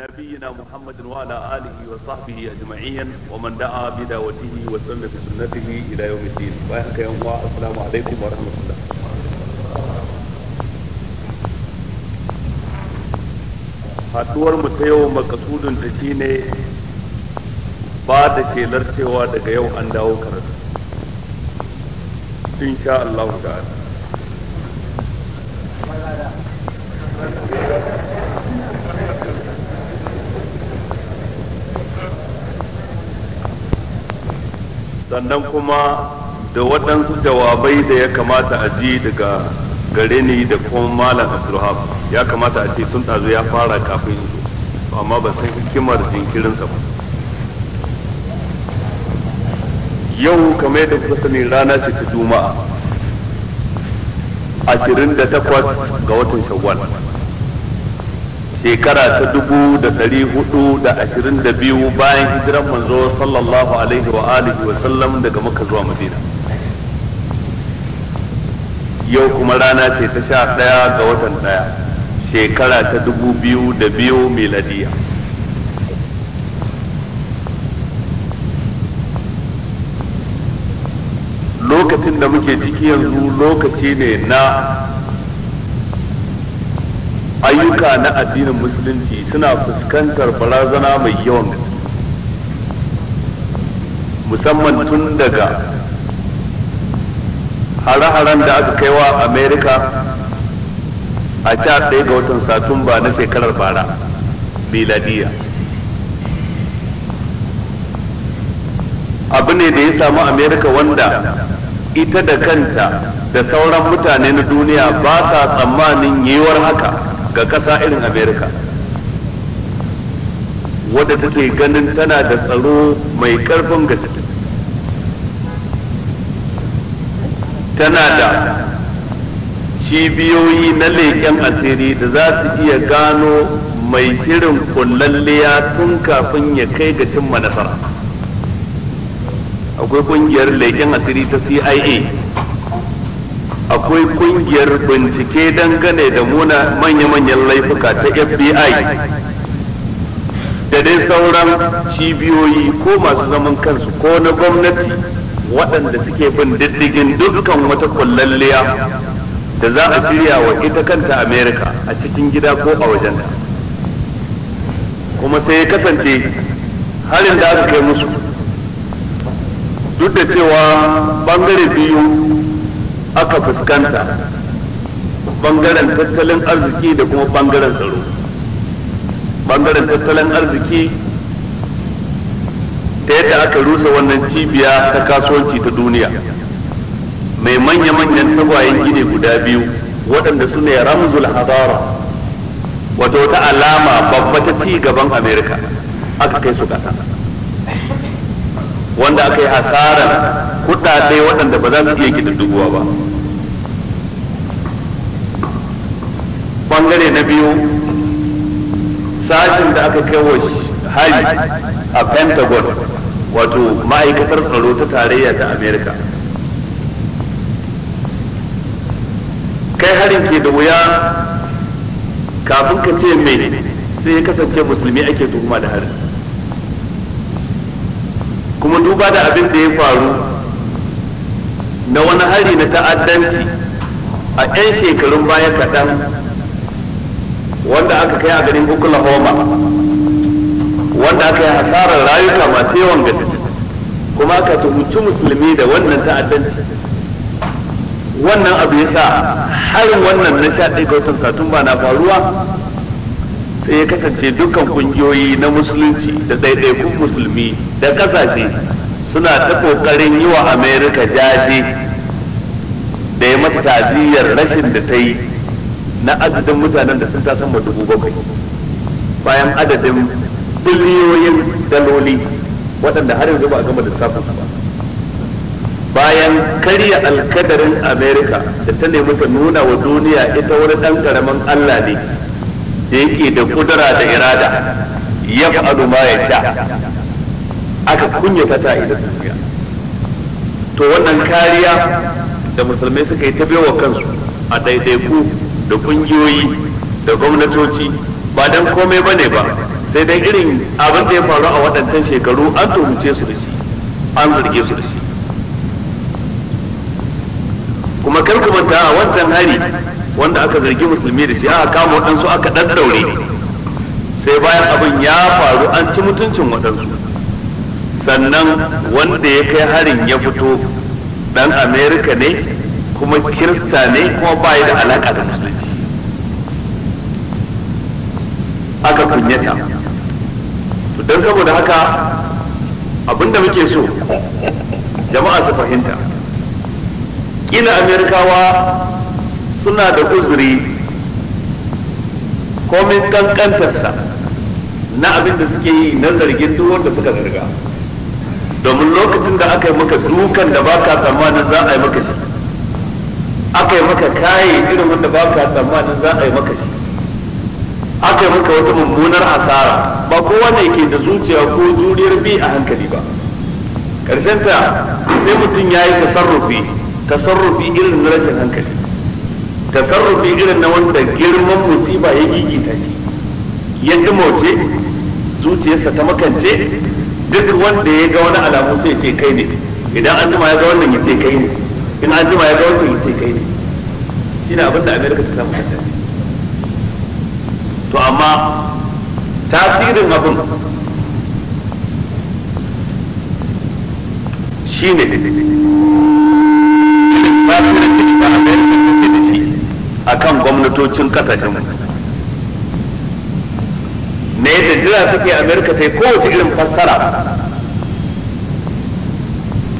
نبينا محمد وعلى اله وصحبه اجمعين ومن دعا بدعوته وسن بسنته الى يوم الدين وهكا يوم السلام عليكم ورحمه الله haduwar mu ta yau makasudin ta shine ba da kelar cewa daga yau an dawo karatu insha Allah ta'ala sannan kuma da waɗansu jawabai da ya kamata a ji daga gare ni da kuma malam abdulhab ya kamata a ce sun ɗazu ya fara kafin su amma ba san hikimar jinkirinsa ba yau kamar yadda kuka sani rana ce ta juma'a ashirin da takwas ga watan shawwal shekara ta dubu da ɗari hudu da ashirin da biyu bayan hijiran manzo sallallahu alaihi wa alihi wa sallam daga maka zuwa madina yau kuma rana ce ta sha ɗaya ga watan ɗaya shekara ta dubu biyu da biyu miladiya lokacin da muke ciki yanzu lokaci ne na ayyuka na addinin musulunci suna fuskantar barazana mai yawan gaske musamman tun daga hare-haren da aka kaiwa amerika a sha ɗaya ga watan satumba na shekarar bara miladiya abu ne da ya samu amerika wanda ita da kanta da sauran mutane na duniya ba sa tsammanin yiwuwar haka ga ƙasa irin america wadda take ganin tana da tsaro mai ƙarfin gaske tana da cibiyoyi na leƙen asiri da za su iya gano mai shirin kullalliya tun kafin ya kai ga cimma nasara akwai ƙungiyar leƙen asiri ta cia akwai kungiyar bincike dangane da muna manya-manyan laifuka ta fbi da dai sauran cibiyoyi ko masu zaman kansu ko na gwamnati waɗanda suke bin diddigin dukkan wata kullalliya da za a shirya wa ita kanta Amerika a cikin gida ko a wajenta kuma sai ya kasance harin da aka kai musu duk da cewa ɓangare biyu aka fuskanta bangaren tattalin arziki da kuma bangaren tsaro bangaren tattalin arziki ta yadda aka rusa wannan cibiya ta kasuwanci ta duniya mai manya-manyan tagwayen gini guda biyu waɗanda su ne ramzul hadara wato wata alama babba ta ci gaban amerika aka kai su ƙasa wanda aka yi hasarar kuɗaɗe waɗanda ba za su iya kididdigowa ba bangare na biyu sashen da aka kai wa hari a pentagon wato ma'aikatar tsaro ta tarayya ta america kai harin ke da wuya kafin ka ce mai sai ya kasance musulmi ake tuhuma da harin kuma duba da abin da ya faru na wani hari na ta'addanci a 'yan shekarun baya kaɗan wanda aka kai a garin Oklahoma wanda aka yi hasarar rayuka masu yawan gaske kuma aka tuhumci musulmi da wannan ta'addanci wannan abu ya sa harin wannan na sha ɗaya ga satun satumba na faruwa sai ya kasance dukkan kungiyoyi na musulunci da ɗaiɗaikun musulmi da ƙasashe suna ta kokarin yi wa Amerika jaje da ya mata taziyar rashin da ta yi na adadin mutanen da sun ta sama dubu bakwai bayan adadin biliyoyin daloli waɗanda har yanzu ba a gama lissafin su ba bayan karya alkadarin Amerika da ta nemi ta nuna wa duniya ita wani ɗan ƙaramin allah ne da yake da kudura da irada ya fa'alu ma ya sha aka kunyata ta a idan duniya to wannan kariya da musulmai suka yi ta baiwa kansu a ɗaiɗaiku da ƙungiyoyi da gwamnatoci ba don komai ba ne ba sai dai irin abin da ya faru a waɗancan shekaru an tuhumce su da shi an zarge su da shi kuma kar ku a wancan hari wanda aka zargi musulmi da shi aka kama waɗansu aka ɗaɗɗaure sai bayan abin ya faru an ci mutuncin waɗansu sannan wanda ya kai harin ya fito dan amerika ne kuma kirista ne kuma ba da alaka da musulunci aka kunyata to don saboda haka abinda muke so jama'a su fahimta kila amerikawa suna da uzuri komai kankantarsa na abinda suke yi na zargin duk wanda suka zarga domin lokacin da aka yi maka dukan da baka tsammanin za a yi maka shi aka yi maka kaye irin wanda baka tsammanin za a yi maka shi aka yi maka wata mummunar asara ba kowa ne ke da zuciya ko juriyar bi a hankali ba karshen ta sai mutum ya yi tasarrufi tasarrufi irin na rashin hankali tasarrufi irin na wanda girman musiba ya gigita shi ya dumauce zuciyarsa ta makance duk wanda ya ga wani alamu sai ce kai ne idan an jima ya ga wannan ya ce kai ne in an jima ya ga wannan ya ce kai ne shi abin abinda amerika ta samu kanta to amma tasirin abin shi shine tasirin da ba a ce da shi a kan gwamnatocin kasashen mutane na yadda jira suke amerika sai kowace irin fassara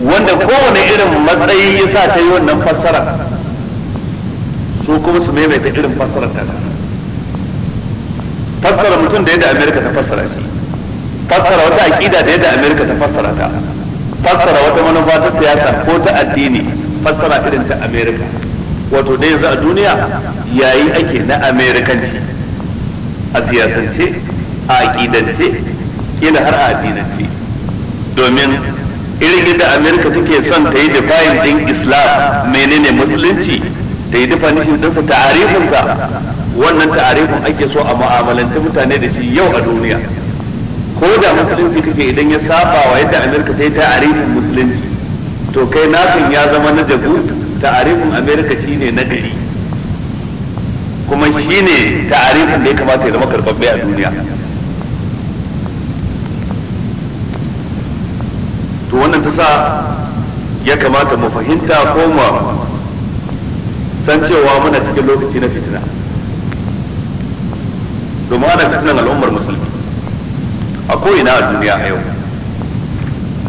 wanda kowane irin matsayi ya sa ta yi wannan fassara su kuma su maimaita irin fassara ta fassara mutum da yadda amerika ta fassara shi fassara wata aƙida da yadda amerika ta fassara ta fassara wata manufa ta siyasa ko ta addini fassara irin ta amerika wato da yanzu a duniya yayi ake na amerikanci a siyasance a aƙidance kila har a addinance domin irin yadda amerika take son ta yi difayin din islam menene musulunci ta yi definition ɗinsa ta'arifinsa wannan ta'arifin ake so a mu'amalanci mutane da shi yau a duniya ko da musulunci kake idan ya saba wa yadda amerika ta yi ta'arifin musulunci to kai nakan ya zama na jabu ta'arifin amerika shine na gari kuma shine ta'arifin da ya kamata ya zama karɓaɓɓe a duniya to wannan ta sa ya kamata mu fahimta ko mu san cewa muna cikin lokaci na fitina domin ana fitinan al'ummar musulmi a ko'ina a duniya a yau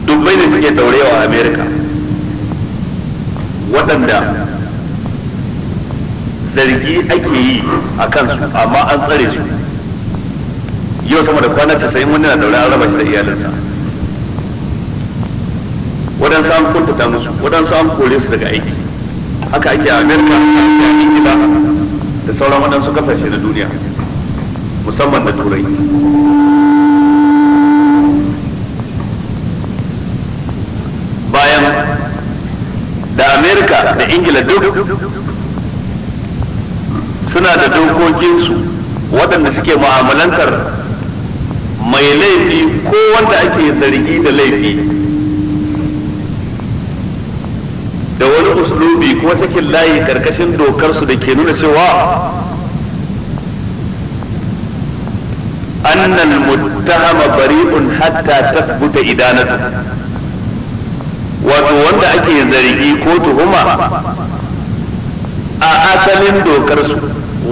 dubbai da suke daurewa a america waɗanda zargi ake yi a kansu amma an tsare su yau sama da kwana 90 wani na daure an raba da iyalinsa waɗansu an kuntata musu waɗansu an kore su daga aiki haka ake a amerika a ingila da sauran waɗansu kasashe na duniya musamman na turai bayan da amerika da ingila duk suna da dokokinsu waɗanda suke mu'amalantar mai laifi ko wanda ake zargi da laifi wani usulubi ko sakin layi karkashin dokar su da ke nuna cewa annal muttahama bari'un hatta tasbuta idanatu wato wanda ake zargi ko tuhuma a asalin dokar su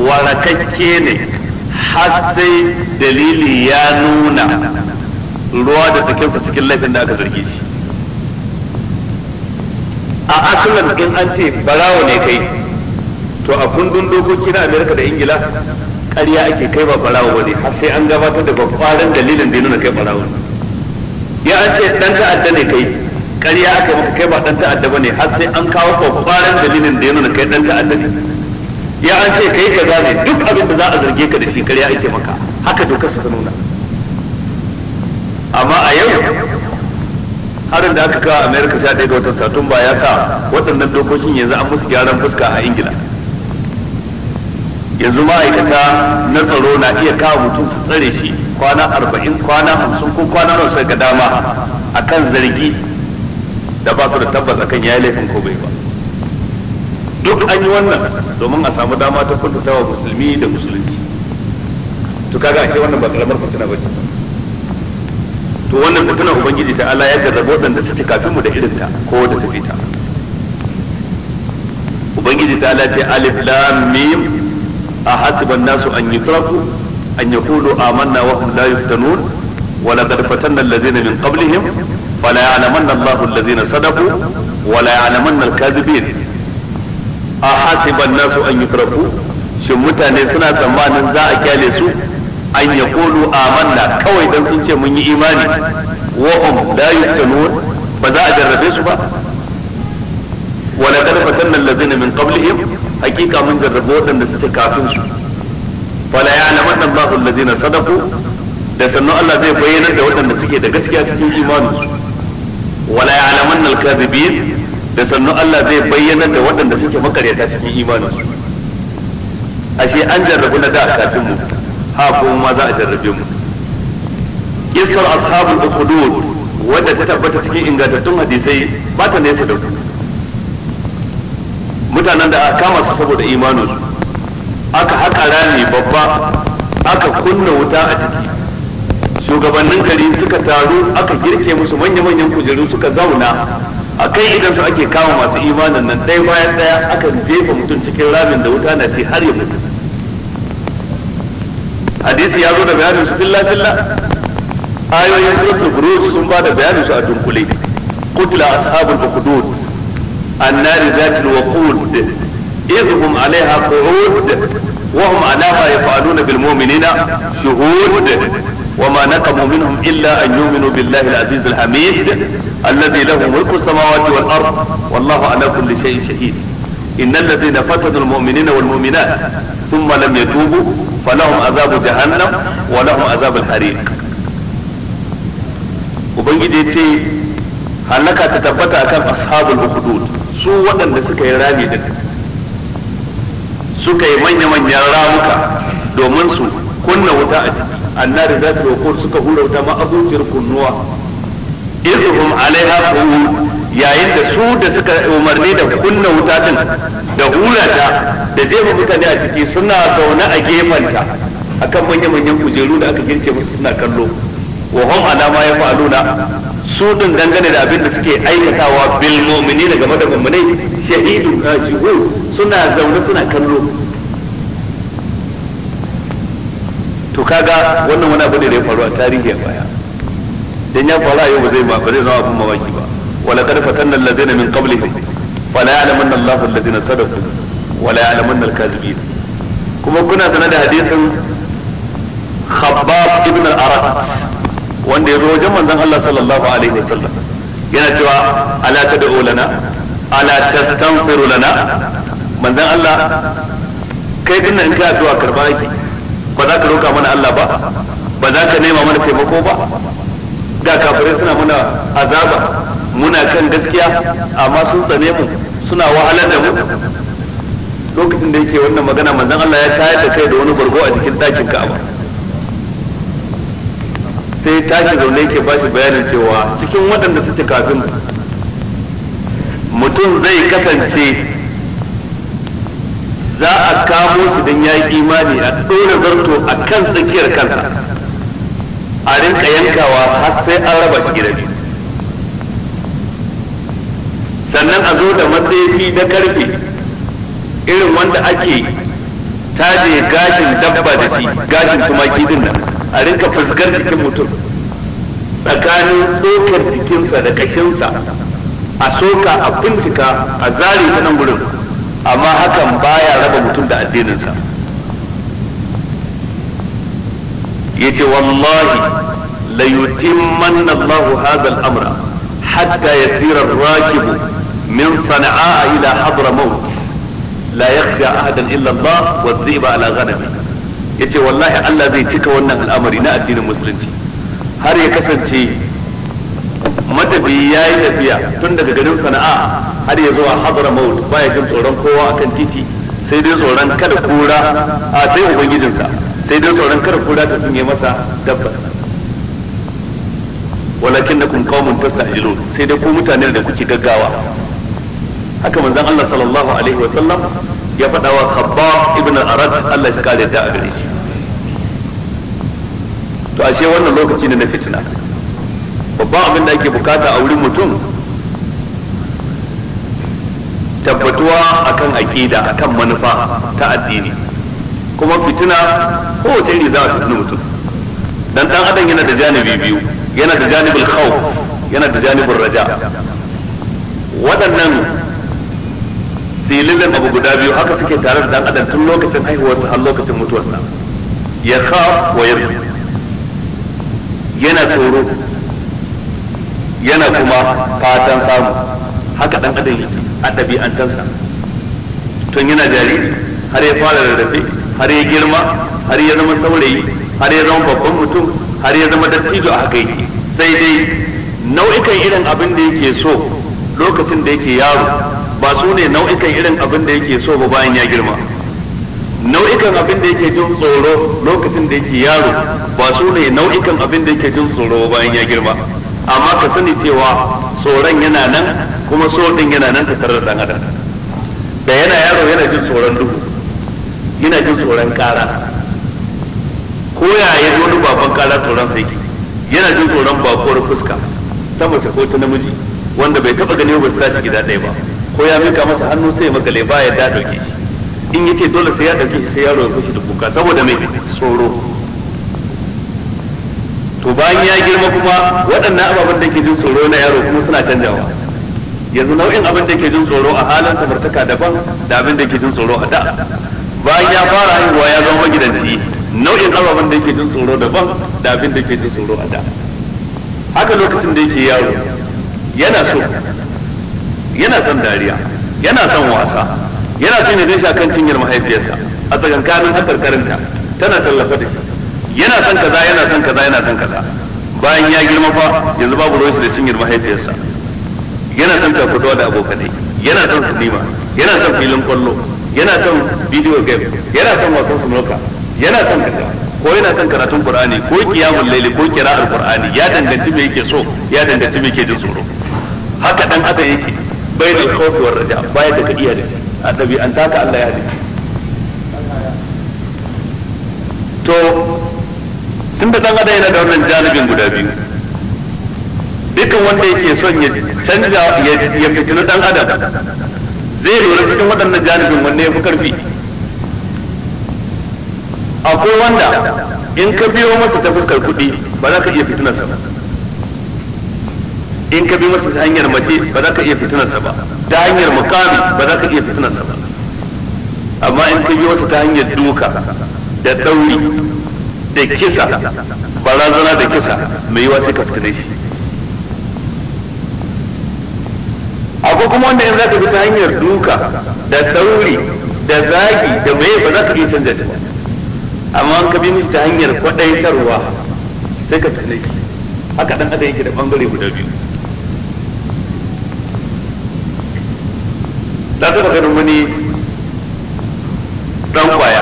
warakakke ne har sai dalili ya nuna ruwa da sakinsa cikin laifin da aka zargi shi a asalin in an ce barawo ne kai to a kundin dokoki na amerika da ingila ƙarya ake kai ba barawo ne har sai an gabatar da babbaran dalilin da nuna kai barawo ya an ce dan ta'adda ne kai ƙarya aka yi kai ba dan ta'adda ba har sai an kawo babbaran dalilin da nuna kai dan ta'adda ne ya an ce kai ka zame duk abin da za a zarge ka da shi ƙarya ake maka haka dokar su ta nuna amma a yau harin da aka kawo america sha ɗaya ga watan satumba ya sa waɗannan dokokin yanzu an musu gyaran fuska a ingila yanzu ma'aikata na tsaro na iya kawo mutum su tsare shi kwana arba'in kwana hamsin ko kwana nawa sai ga dama kan zargi da ba su da tabbas akan yayi laifin ko bai ba duk an yi wannan domin a samu dama ta kuntatawa musulmi da musulunci to kaga ashe wannan ba kalamar fitina ba ce to wannan fitina ubangiji ta Allah ya jarrabo waɗanda suke kafin mu da irin ta ko da tafi ta ubangiji ta Allah ce alif lam mim a hasiban nasu an yutraku an yaqulu amanna wa hum la yuftanun wa laqad fatanna allazina min qablihim fala ya'lamanna Allahu allazina sadaqu wa la ya'lamanna al-kadhibin hasiban nasu an yutraku shin mutane suna tsammanin za a kyale su an ya kulu amanna kawai don sun ce mun yi imani wa hum la yuftanun ba za a jarrabe su ba wa laqad fatanna allazina min qablihim hakika mun jarrabe waɗanda suke kafin su fala ya'lamanna Allahu allazina sadaqu da sannu Allah zai bayyana da waɗanda suke da gaskiya cikin imanin su wala ya'lamanna al-kadhibin da sannu Allah zai bayyana da waɗanda suke makaryata cikin imanin su ashe an jarrabu na da kafin mu ha ma za a jarrabe mu kisar ashabul ukhdud wadda ta tabbata cikin ingantattun hadisai ba ta nesa da mutanen da aka kama su saboda imanin aka haƙa rami babba aka kunna wuta a ciki shugabannin gari suka taru aka girke musu manya-manyan kujeru suka zauna a kai idan su ake kama masu imanin nan ɗaya bayan ɗaya aka jefa mutum cikin ramin da wuta na ce har ya mutu hadisi ya zo da bayanin su filla filla ayoyin suratul buruj sun ba da bayanin su a dunkule kutla ashabul ukhdud annari zatul waqud idh hum alaiha qu'ud wa hum ala ma yaf'aluna bil mu'minina shuhud wa ma naqamu وما نقموا منهم إلا أن يؤمنوا بالله العزيز الحميد الذي له ملك السماوات والأرض والله على كل شيء شهيد إن الذين فتنوا المؤمنين والمؤمنات ثم لم يتوبوا falahum azabu jahannam wa lahum azabul hariq ubangiji ce halaka ta tabbata akan ashabul ukhdud su waɗanda suka yi rami din suka yi manya manyan ramuka domin su kunna wuta a ciki annari zata wa suka hura wuta ma abuciyar kunnuwa izhum alaiha qu'ud yayin da su da suka umarni da kunna wuta din da ta da jefa mutane a ciki suna zaune a ta akan manyan manyan kujeru da aka girke musu suna kallo wa hum ala ma yafaluna su din dangane da abin da suke aikatawa bil mu'minina game da mu'minai shahidu shahud suna zaune suna kallo to kaga wannan wani abu ne da ya faru a tarihi a baya dan ya faru a yau ba zai ba zai zama abin mawaki ba ولقد فتنا الذين من قبلهم ولا يعلمن الله الذين صدقوا ولا يعلمن الكاذبين kuma kuna sanar da hadisin Khabbab ibn al-Arat wanda ya zo wajen manzon Allah sallallahu alaihi wasallam yana cewa ala tad'u lana ala tastanfiru lana manzon Allah kai din nan ka zuwa karba yake ba za ka roka mana Allah ba ba za ka nema mana taimako ba ga kafirai suna mana azaba muna kan gaskiya amma sun tsane mu suna wahalar da mu lokacin da yake wannan magana manzon Allah ya tayar da kai da wani bargo a cikin ɗakin Ka'aba sai tashi zaune yake ba shi bayanin cewa cikin waɗanda suke kafin mutum zai kasance za a kamo shi don ya yi imani a ɗora zarto a kan tsakiyar kansa a rinka yankawa har sai an raba shi gida sannan a zo da matsayi na karfe irin wanda ake taje gashin dabba da shi gashin tumaki din nan a rinka fuskar jikin mutum tsakanin tsokar jikinsa da kashinsa a soka a bincika a zare ta nan gurin amma hakan baya raba mutum da addininsa Ya ce wallahi la yutimmanna Allahu hadha al-amra hatta yasira ar-rakibu من صنعاء إلى حضر موت لا يخشى أحدا إلا الله والذئب على غنمه yace wallahi Allah zai cika wannan al'amari na addinin musulunci har ya kasance matafiyi ya yi tafiya tun daga garin sana'a har ya zuwa hadra maut baya jin tsoron kowa akan titi sai dai tsoron kada kura a sai ubangijinsa sai dai tsoron kada kura ta sunye masa dabba walakin da kun qaumun tastajilun sai dai ku mutanen da kuke gaggawa haka manzon Allah sallallahu alaihi wa sallam ya faɗa wa Khabbab ibn Arad Allah shi kare ta a gare shi to ashe wannan lokaci ne na fitina babban abin da ake bukata a wurin mutum tabbatuwa akan aqida akan manufa ta addini kuma fitina kowace iri za a fitina mutum dan dan adam yana da janibi biyu yana da janibul khawf yana da janibul raja waɗannan silibin abu guda biyu haka suke tare da dan tun lokacin haihuwarsa har lokacin mutuwarsa ya khaf wa yarju yana tsoro yana kuma fatan samu haka dan adam yake a ɗabi'antarsa tun yana jariri har ya fara rarrafe har ya girma har ya zama saurayi har ya zama babban mutum har ya zama dattijo a haka yake sai dai nau'ikan irin abin da yake so lokacin da yake yaro ba su ne nau'ikan irin abin da yake so ba bayan ya girma nau'ikan abin da yake jin tsoro lokacin da yake yaro ba su ne nau'ikan abin da yake jin tsoro ba bayan ya girma amma ka sani cewa tsoron yana nan kuma so din yana nan tattare da dan adam da yana yaro yana jin tsoron duhu yana jin tsoron kara ko ya yi wani baban kara tsoron sai yana jin tsoron bakuwar fuska ta mace ko ta namiji wanda bai taba gani ba su tashi gida ɗaya ba ko ya mika masa hannu sai makale ba ya da dauke shi in yace dole sai ya dauke shi sai yaro ya fushi da kuka saboda mai tsoro to bayan ya girma kuma waɗannan ababen da ke jin tsoro na yaro kuma suna canjawa yanzu nau'in abin da ke jin tsoro a halin samartaka daban da abin da ke jin tsoro a da bayan ya fara haihuwa ya zama magidanci nau'in ababen da ke jin tsoro daban da abin da ke jin tsoro a da haka lokacin da yake yaro yana so yana son dariya yana son wasa yana son ya sha kan cinyar mahaifiyarsa a tsakankanin hakar karinta tana tallafa da shi yana son kaza yana son kaza yana son kaza bayan ya girma fa yanzu babu ruwan da cinyar mahaifiyarsa yana son takutuwa da abokanai yana son sinima yana son filin kwallo yana son bidiyo game yana son wasan sunoka yana son kaza ko yana son karatun qur'ani ko kiyamul laili ko qira'ar qur'ani ya danganci me yake so ya danganci me yake jin tsoro haka dan adam yake bayan al-khawfi raja baya da iya da a dabi'anta ka Allah ya halitta to tun da dan adam yana da wannan janibin guda biyu dukkan wanda yake son ya canja ya fitinu dan adam zai lura cikin waɗannan janibin wanne ya fi karfi akwai wanda in ka biyo masa ta fuskar kuɗi ba za ka iya fitinarsa ba in ka bi masa hanyar mace ba za ka iya fitinarsa ba ta hanyar mukami ba za ka iya fitinarsa ba amma in ka bi wasu ta hanyar duka da tsauri, da kisa barazana da kisa mai yiwa sai ka fitine shi akwai kuma wanda in za ka bi ta hanyar duka da tsauri, da zagi da mai ba za ka iya canza ta amma in ka bi musu ta hanyar kwaɗaitarwa sai ka fitine shi haka ɗan adai yake da ɓangare guda biyu na taɓa ganin wani ɗan kwaya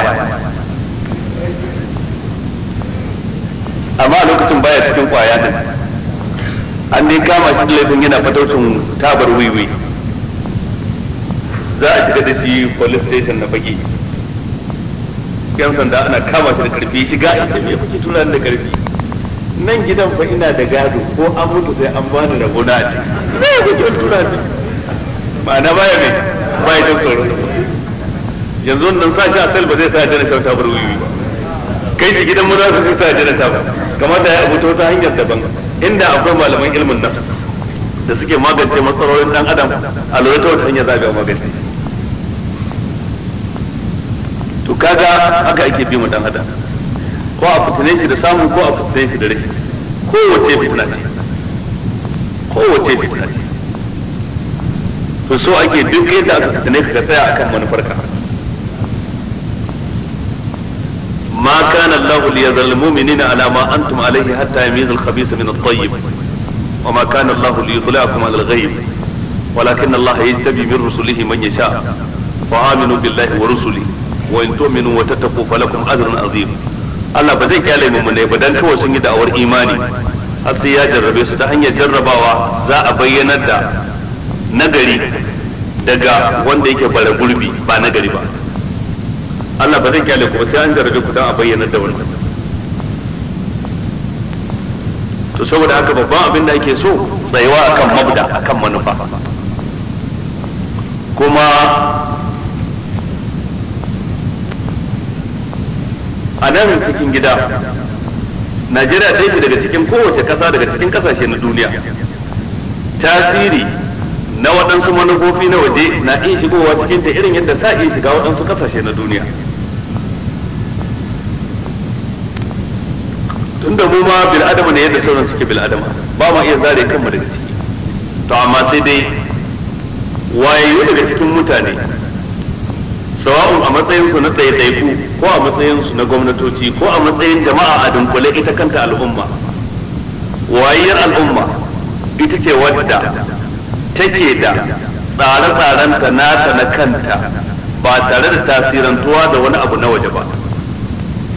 amma a lokacin baya cikin kwaya din an dai kama shi da laifin yana fataucin tabar wiwi za a shiga da shi police station na baki yan sanda ana kama shi da karfi shiga a ita me kuke tura da karfi nan gidan fa ina da gado ko an mutu sai an bani rabona a ne me kuke tunanin. Ba na baya mai ba jin tsoron yanzu nan sa shi a sel ba zai sa jana shauta ba wuyi ba kai shi gidan mu za su sa ya jana kamar da ya abu ta wata hanyar daban inda akwai malaman ilmin nan da suke magance matsalolin dan adam a lura ta wata hanyar zaga magance to kaga haka ake bi mu dan adam ko a fitine shi da samu ko a fitine shi da rashi kowace fitina ce kowace fitina ce to so ake duk yadda aka fitine ka tsaya akan manufarka ma kana Allah li yadhal mu'minina ala ma antum alayhi hatta yamiz al-khabith min at-tayyib wa ma kana Allah li yudlakum ala al-ghayb ولكن الله يجتبي من رسله من يشاء فآمنوا بالله ورسله وإن تؤمنوا وتتقوا فلكم أجر عظيم Allah ba zai kyale mu ne ba dan kawai sun yi da'awar imani har sai ya jarrabe su ta hanyar jarrabawa za a bayyanar da nagari daga wanda yake bara gurbi ba na gari ba Allah ba zai kyale ku ba sai an jarabe ku dan a bayyana da wannan to saboda haka babban abin da ake so tsayuwa akan mabda akan manufa kuma a nan cikin gida Najeriya ɗaya daga cikin kowace ƙasa daga cikin ƙasashe na duniya tasiri na waɗansu manufofi na waje na iya shigowa cikin ta irin yadda sa iya shiga waɗansu ƙasashe na duniya tunda mu ma bil adama ne yadda sauran suke bil adama ba ma iya zare kanmu daga ciki to amma sai dai wayayyu daga cikin mutane sawa'un a matsayin su na ɗaiɗaiku ko a matsayin na gwamnatoci ko a matsayin jama'a a dunkule ita kanta al'umma wayayyar al'umma ita ce wadda take da tsare-tsarenta nata na kanta ba tare da tasirantuwa da wani abu na waje ba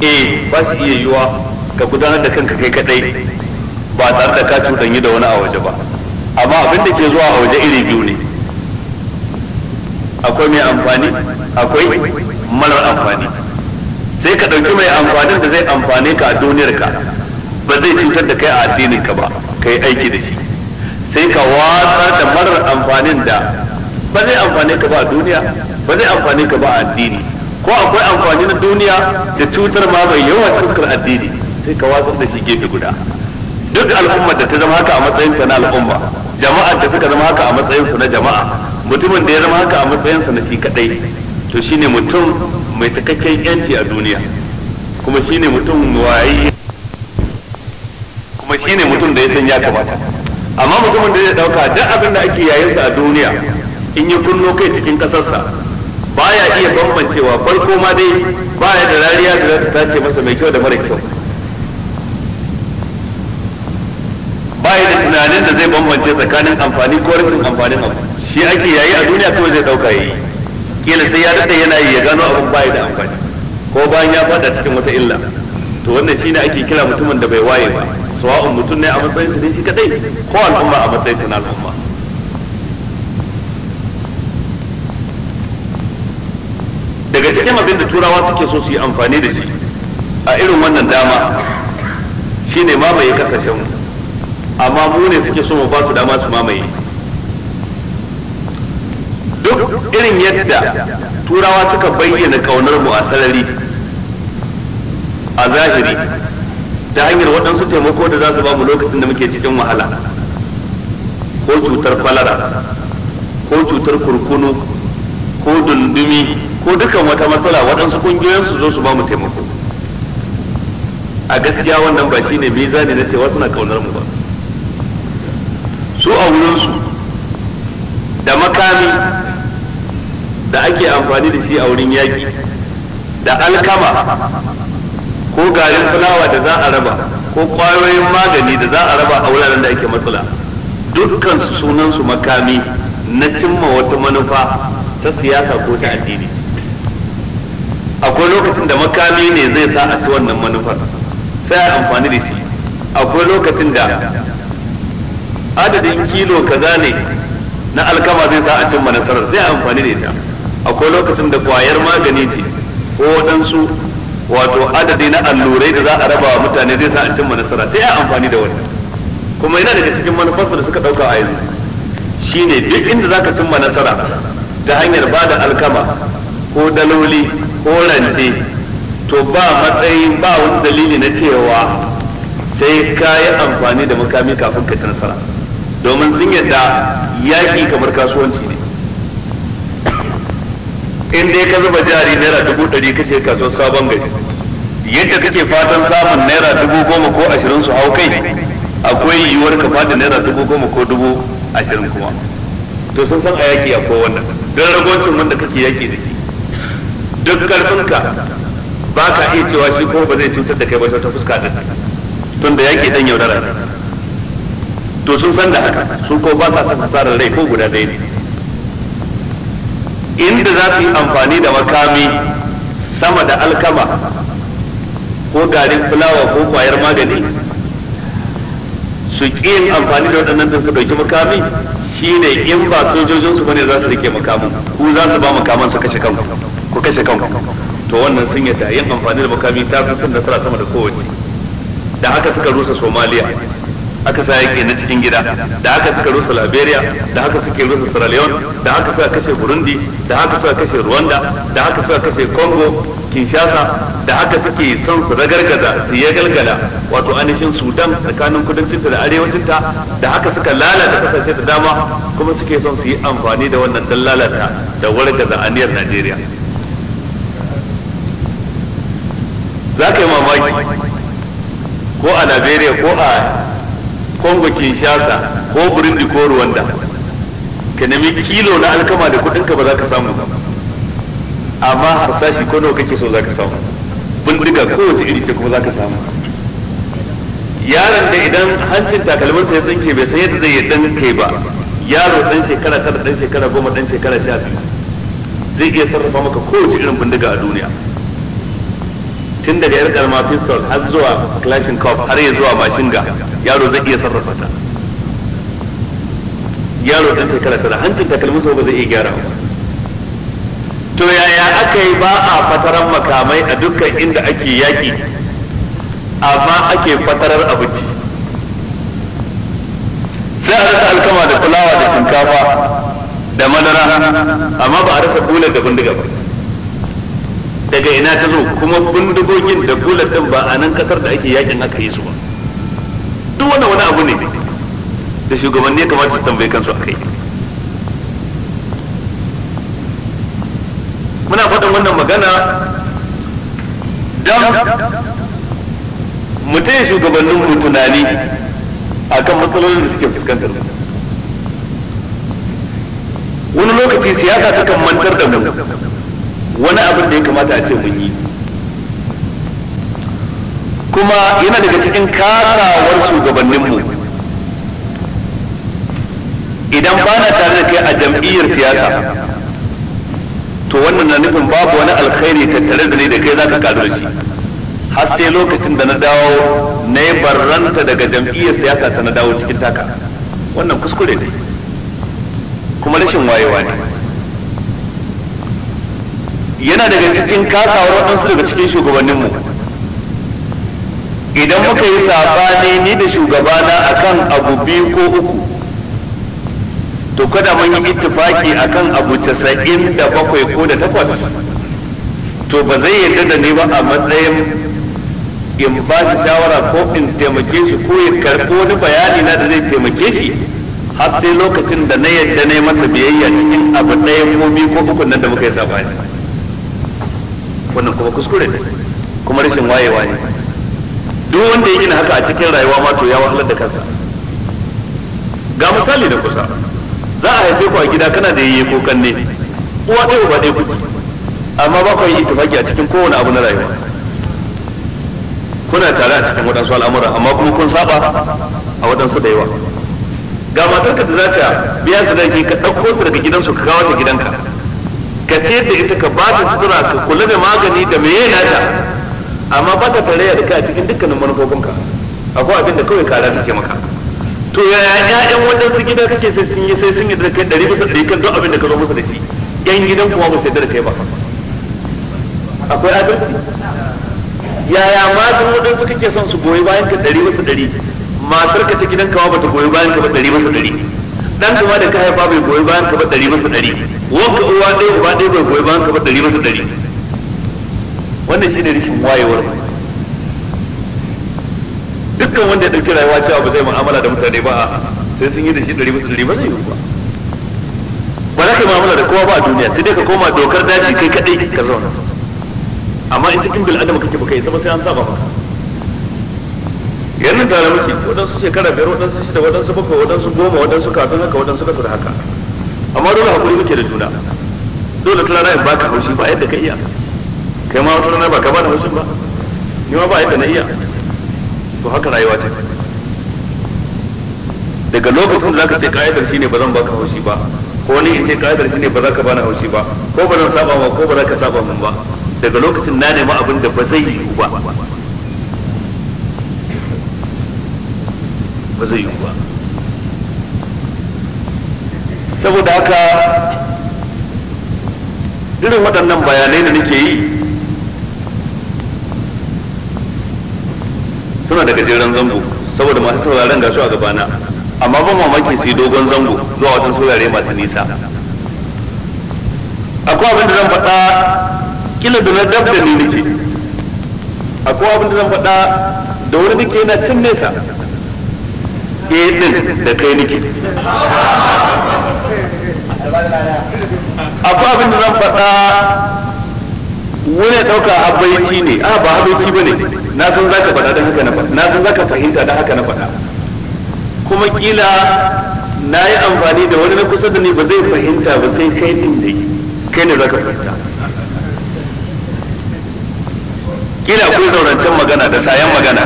eh ba su iya yiwa ka gudanar da kanka kai kadai ba tare da ka cutanyi da wani a waje ba amma abin da ke zuwa a waje iri biyu ne akwai mai amfani akwai marar amfani sai ka ɗauki mai amfanin da zai amfane ka a duniyarka ba zai cutar da kai a addininka ba ka yi aiki da shi sai ka watsar da marar amfanin da ba zai amfani ka ba a duniya ba zai amfani ka ba a addini ko akwai amfani na duniya da cutar ma mai yawa cutar addini sai ka watsar da shi gefe guda duk al'ummar da ta zama haka a matsayin ta na al'umma jama'ar da suka zama haka a matsayin su na jama'a mutumin da ya zama haka a matsayin sa na shi kadai to shine mutum mai takakken yanci a duniya kuma shine mutum waye kuma shine mutum da ya san ya kamata amma mutumin da zai dauka duk abin da ake yayin sa a duniya in ya kunno kai cikin kasarsa baya iya bambancewa farko ma dai baya da rariya da za ta tace masa mai kyau da mara kyau baya da tunanin da zai bambance tsakanin amfani ko rashin amfanin abu shi ake yayi a duniya kuma zai dauka yayi kila sai ya dade yana yi ya gano abin baya da amfani ko bayan ya fada cikin wata illa to wannan shine ake kira mutumin da bai waye ba sawa'un mutum ne a matsayin sa ne shi kadai ko al'umma a matsayin sa na al'umma daga cikin abin da turawa suke so su yi amfani da shi a irin wannan dama shine mamaye kasashen amma mu ne suke so mu ba su dama su mamaye duk irin yadda turawa suka bayyana kaunar mu a sarari a zahiri ta hanyar waɗansu taimako da za su ba mu lokacin da muke cikin wahala ko cutar kwalara ko cutar kurkunu ko dundumi ko dukan wata matsala waɗansu ƙungiyoyin su zo su ba mu taimako a gaskiya wannan ba ne shine mizani na cewa suna kaunar mu ba su a wurinsu da makami da ake amfani da shi a wurin yaƙi da alkama ko garin fulawa da za a raba ko kwayoyin magani da za a raba a wuraren da ake matsala dukkan sunan su makami na cimma wata manufa ta siyasa ko ta addini akwai lokacin da makami ne zai sa a ci wannan manufar sai a amfani da shi akwai lokacin da adadin kilo kaza ne na alkama zai sa a cimma nasarar sai a amfani da ita akwai lokacin da kwayar magani ce ko waɗansu wato adadi na allurai da za a raba wa mutane zai sa an cimma nasara sai a amfani da wannan kuma yana daga cikin manufarsa da suka dauka a yanzu shine duk inda zaka cimma nasara ta hanyar ba da alkama ko daloli ko rance to ba matsayin ba wani dalili na cewa sai ka yi amfani da makami kafin ka ci nasara domin sun yadda yaƙi kamar kasuwanci ne in dai ka zuba jari naira dubu ɗari ka ce kasuwar sabon gari yadda kake fatan samun naira dubu goma ko ashirin su hau kai akwai yiwuwar ka fata naira dubu goma ko dubu ashirin kuma to sun san a yaƙi a kowanne don ragoncin wanda kake yaƙi da shi duk ƙarfinka ba ka iya cewa shi ko ba zai cutar da kai ba ta fuska ɗin tun da yaƙi ɗan yaudara to sun san da haka sun ko ba sa san hasarar rai ko guda ɗaya ne inda za su yi amfani da makami sama da alkama ko garin fulawa ko kwayar magani su ƙi amfani da waɗannan da su ɗauki makami shi ne in ba sojojin su bane za su rike makamin ku za su ba makaman su kashe kanku ku kashe kanku to wannan sun yadda yin amfani da makami ta fi sun nasara sama da kowace da haka suka rusa somaliya aka sa yake na cikin gida da haka suka rusa liberia da haka suke rusa sierra leone da haka suka kashe burundi da haka suka kashe rwanda da haka suka kashe congo kinshasa da haka suke son su ragargaza su ya galgala wato anishin sudan tsakanin kudancinta da arewacinta da haka suka lalata kasashe da dama kuma suke son su yi amfani da wannan don lalata da wargaza aniyar najeriya za ka yi mamaki ko a liberia ko a Kongo Kinshasa ko Burundi ko Rwanda ka nemi kilo na alkama da kudinka ba za ka samu ba amma harsashi ko nawa kake so za ka samu bindiga kowace iri ce kuma za ka samu yaron da idan hancin takalminsa ya tsinke bai san yadda zai yi dan kai ba yaro dan shekara tara dan shekara goma dan shekara sha biyu zai iya sarrafa maka kowace irin bindiga a duniya tun daga yar karama pistol har zuwa clashing cup har ya zuwa mashinga yaro zai iya sarrafa ta yaro dan shekara tara hancin takalmin ba zai iya gyara ba to yaya aka yi ba a fataran makamai a dukkan inda ake yaki amma ake fatarar abinci sai a rasa alkama da fulawa da shinkafa da madara amma ba a rasa bulan da bindiga ba daga ina ta zo kuma bindigogin da bulan din ba a nan kasar da ake yakin aka yi su ba duk wannan wani abu ne da shugabanni ya kamata su tambaye kansu a kai muna faɗin wannan magana don mu taya shugabannin mu tunani kan matsalolin da suke fuskantar mu wani lokaci siyasa ta kan mantar da mu wani abin da ya kamata a ce mun yi kuma yana daga cikin kasawar shugabanninmu idan ba na tare da kai a jam'iyyar siyasa to wannan na nufin babu wani alkhairi tattare da ni da kai za ka karu da shi har sai lokacin da na dawo na yi barranta daga jam'iyyar siyasa ta na dawo cikin taka wannan kuskure ne kuma rashin wayewa ne yana daga cikin kasawar waɗansu daga cikin shugabanninmu idan muka yi sabani ni da shugabana akan abu biyu ko uku to kada mun yi ittifaki akan abu casa'in da bakwai ko da takwas to ba zai yarda da ni ba a matsayin in ba shi shawara ko in taimake shi ko ya karɓi wani bayani na da zai taimake shi har sai lokacin da na yadda na yi masa biyayya cikin abu ɗaya ko biyu ko uku nan da muka yi sabani wannan kuma kuskure ne kuma rashin wayewa ne duk wanda ya gina haka a cikin rayuwa ma to ya wahalar da kansa ga misali da kusa za a haife ku a gida kana da yayye ko kanne uwa ɗaya uba ɗaya kuɗi amma ba ku yi ittifaki a cikin kowane abu na rayuwa kuna tare a cikin waɗansu al'amura amma kuma kun saba a waɗansu da yawa ga matarka da za ta biya su dangi ka ɗauko su daga gidansu ka kawo ta gidanka ka ce da ita ka ba ta sutura ka kula da magani da meye nata amma ba ka tarayya da kai a cikin dukkanin manufofinka akwai abin da kawai kara suke maka to yaya ƴaƴan waɗansu gida kake sai sun yi sai sun yi da kai ɗari bisa ɗari kan duk abin da ka zo musu da shi yan gidan kuma ba su yadda da kai ba akwai adalci yaya matan waɗansu kake son su goyi bayan ka ɗari bisa ɗari matar ka ta gidan kawa ba ta goyi bayan ka ba ɗari bisa ɗari dan kuma da ka haifa bai goyi bayan ka ba ɗari bisa ɗari wanka uwa ɗaya uba ɗaya bai goyi bayan ka ba ɗari bisa ɗari wannan shine rishin wayewar dukkan wanda ya dauki rayuwa cewa ba zai mu'amala da mutane ba sai sun yi da shi ɗari bisa ɗari ba zai yi ba ba za ka yi mu'amala da kowa ba a duniya sai dai ka koma dokar daji kai kaɗai ka zauna amma in cikin bil adama kake ba kai sama sai an saba maka yanzu tare muke wadansu shekara biyar wadansu shida wadansu bakwai wadansu goma wadansu kafin haka wadansu kasa da haka amma dole hakuri muke da juna dole ta rana in baka haushi ba yadda ka iya kai ma wata rana ba ka bani haushin ba ni ma ba yadda na iya to haka rayuwa ta daga lokacin da zaka ce ka'idar shine ba zan baka haushi ba ko ni in ce ka'idar shine ba za ka bani haushi ba ko ba zan saba ma ko ba za ka saba min ba daga lokacin na nemi abin da ba zai yiwu ba ba zai yiwu ba saboda haka irin waɗannan bayanai da nake yi suna daga jiran zango saboda masu sauraron gasu a gabana amma ban mamaki su yi dogon zango zuwa watan saurare masu nisa akwai abin da zan faɗa kila da na dab da ni nake akwai abin da zan faɗa da wani nake yana cin nesa ke eh, din da kai nake akwai abin da zan faɗa wani ɗauka abaici ne a ah, ba abaici ba ne na san za ka faɗa don haka na faɗa na san za ka fahimta don haka na faɗa kuma kila na yi amfani da wani na kusa da ni ba zai fahimta ba sai kai din dai kai ne ka fahimta kila akwai zaurancin magana da sayan magana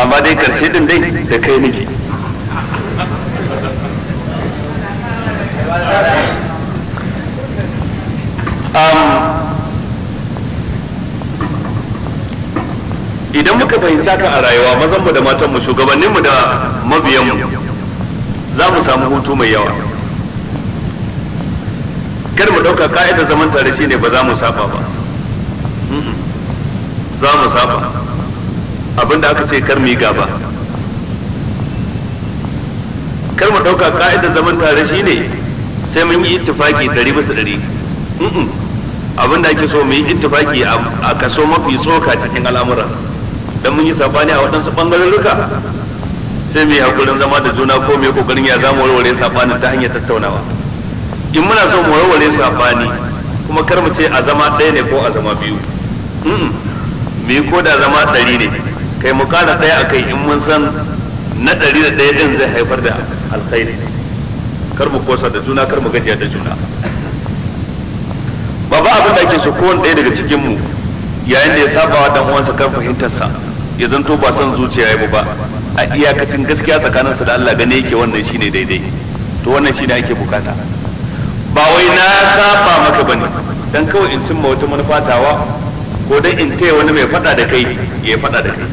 amma dai karshe din dai da kai nake um, muka fahimci haka a rayuwa mazanmu da matanmu shugabanninmu da mabiyanmu za mu samu hutu mai yawa kar mu ɗauka ka'idar zaman tare shi ne ba za mu saba ba za mu saba abinda aka ce kar mu yi gaba kar mu ɗauka ka'idar zaman tare shi ne sai mun yi ittifaki ɗari bisa ɗari abinda ake so mu yi ittifaki a kaso mafi tsoka cikin al'amuran dan mun yi sabani a waɗansu Ruka, sai mu yi hakurin zama da juna ko mu yi kokarin ya zama warware sabanin ta hanyar tattaunawa in muna son mu warware sabani kuma kar mu ce a zama ɗaya ne ko a zama biyu mu yi ko da zama ɗari ne kai mu kara ɗaya a kai in mun san na ɗari da ɗaya ɗin zai haifar da alkhairi kar mu kosa da juna kar mu gajiya da juna ba abin da ake so kowane ɗaya daga cikinmu yayin da ya saba wa dan uwansa kan fahimtarsa ya zanto ba son zuciya ya ba a iyakacin gaskiya su da Allah gane yake wannan shine daidai to wannan shine ake bukata ba wai na saba maka bane dan kawai in cimma wata manufatawa ko dan in taya wani mai fada da kai ya fada da kai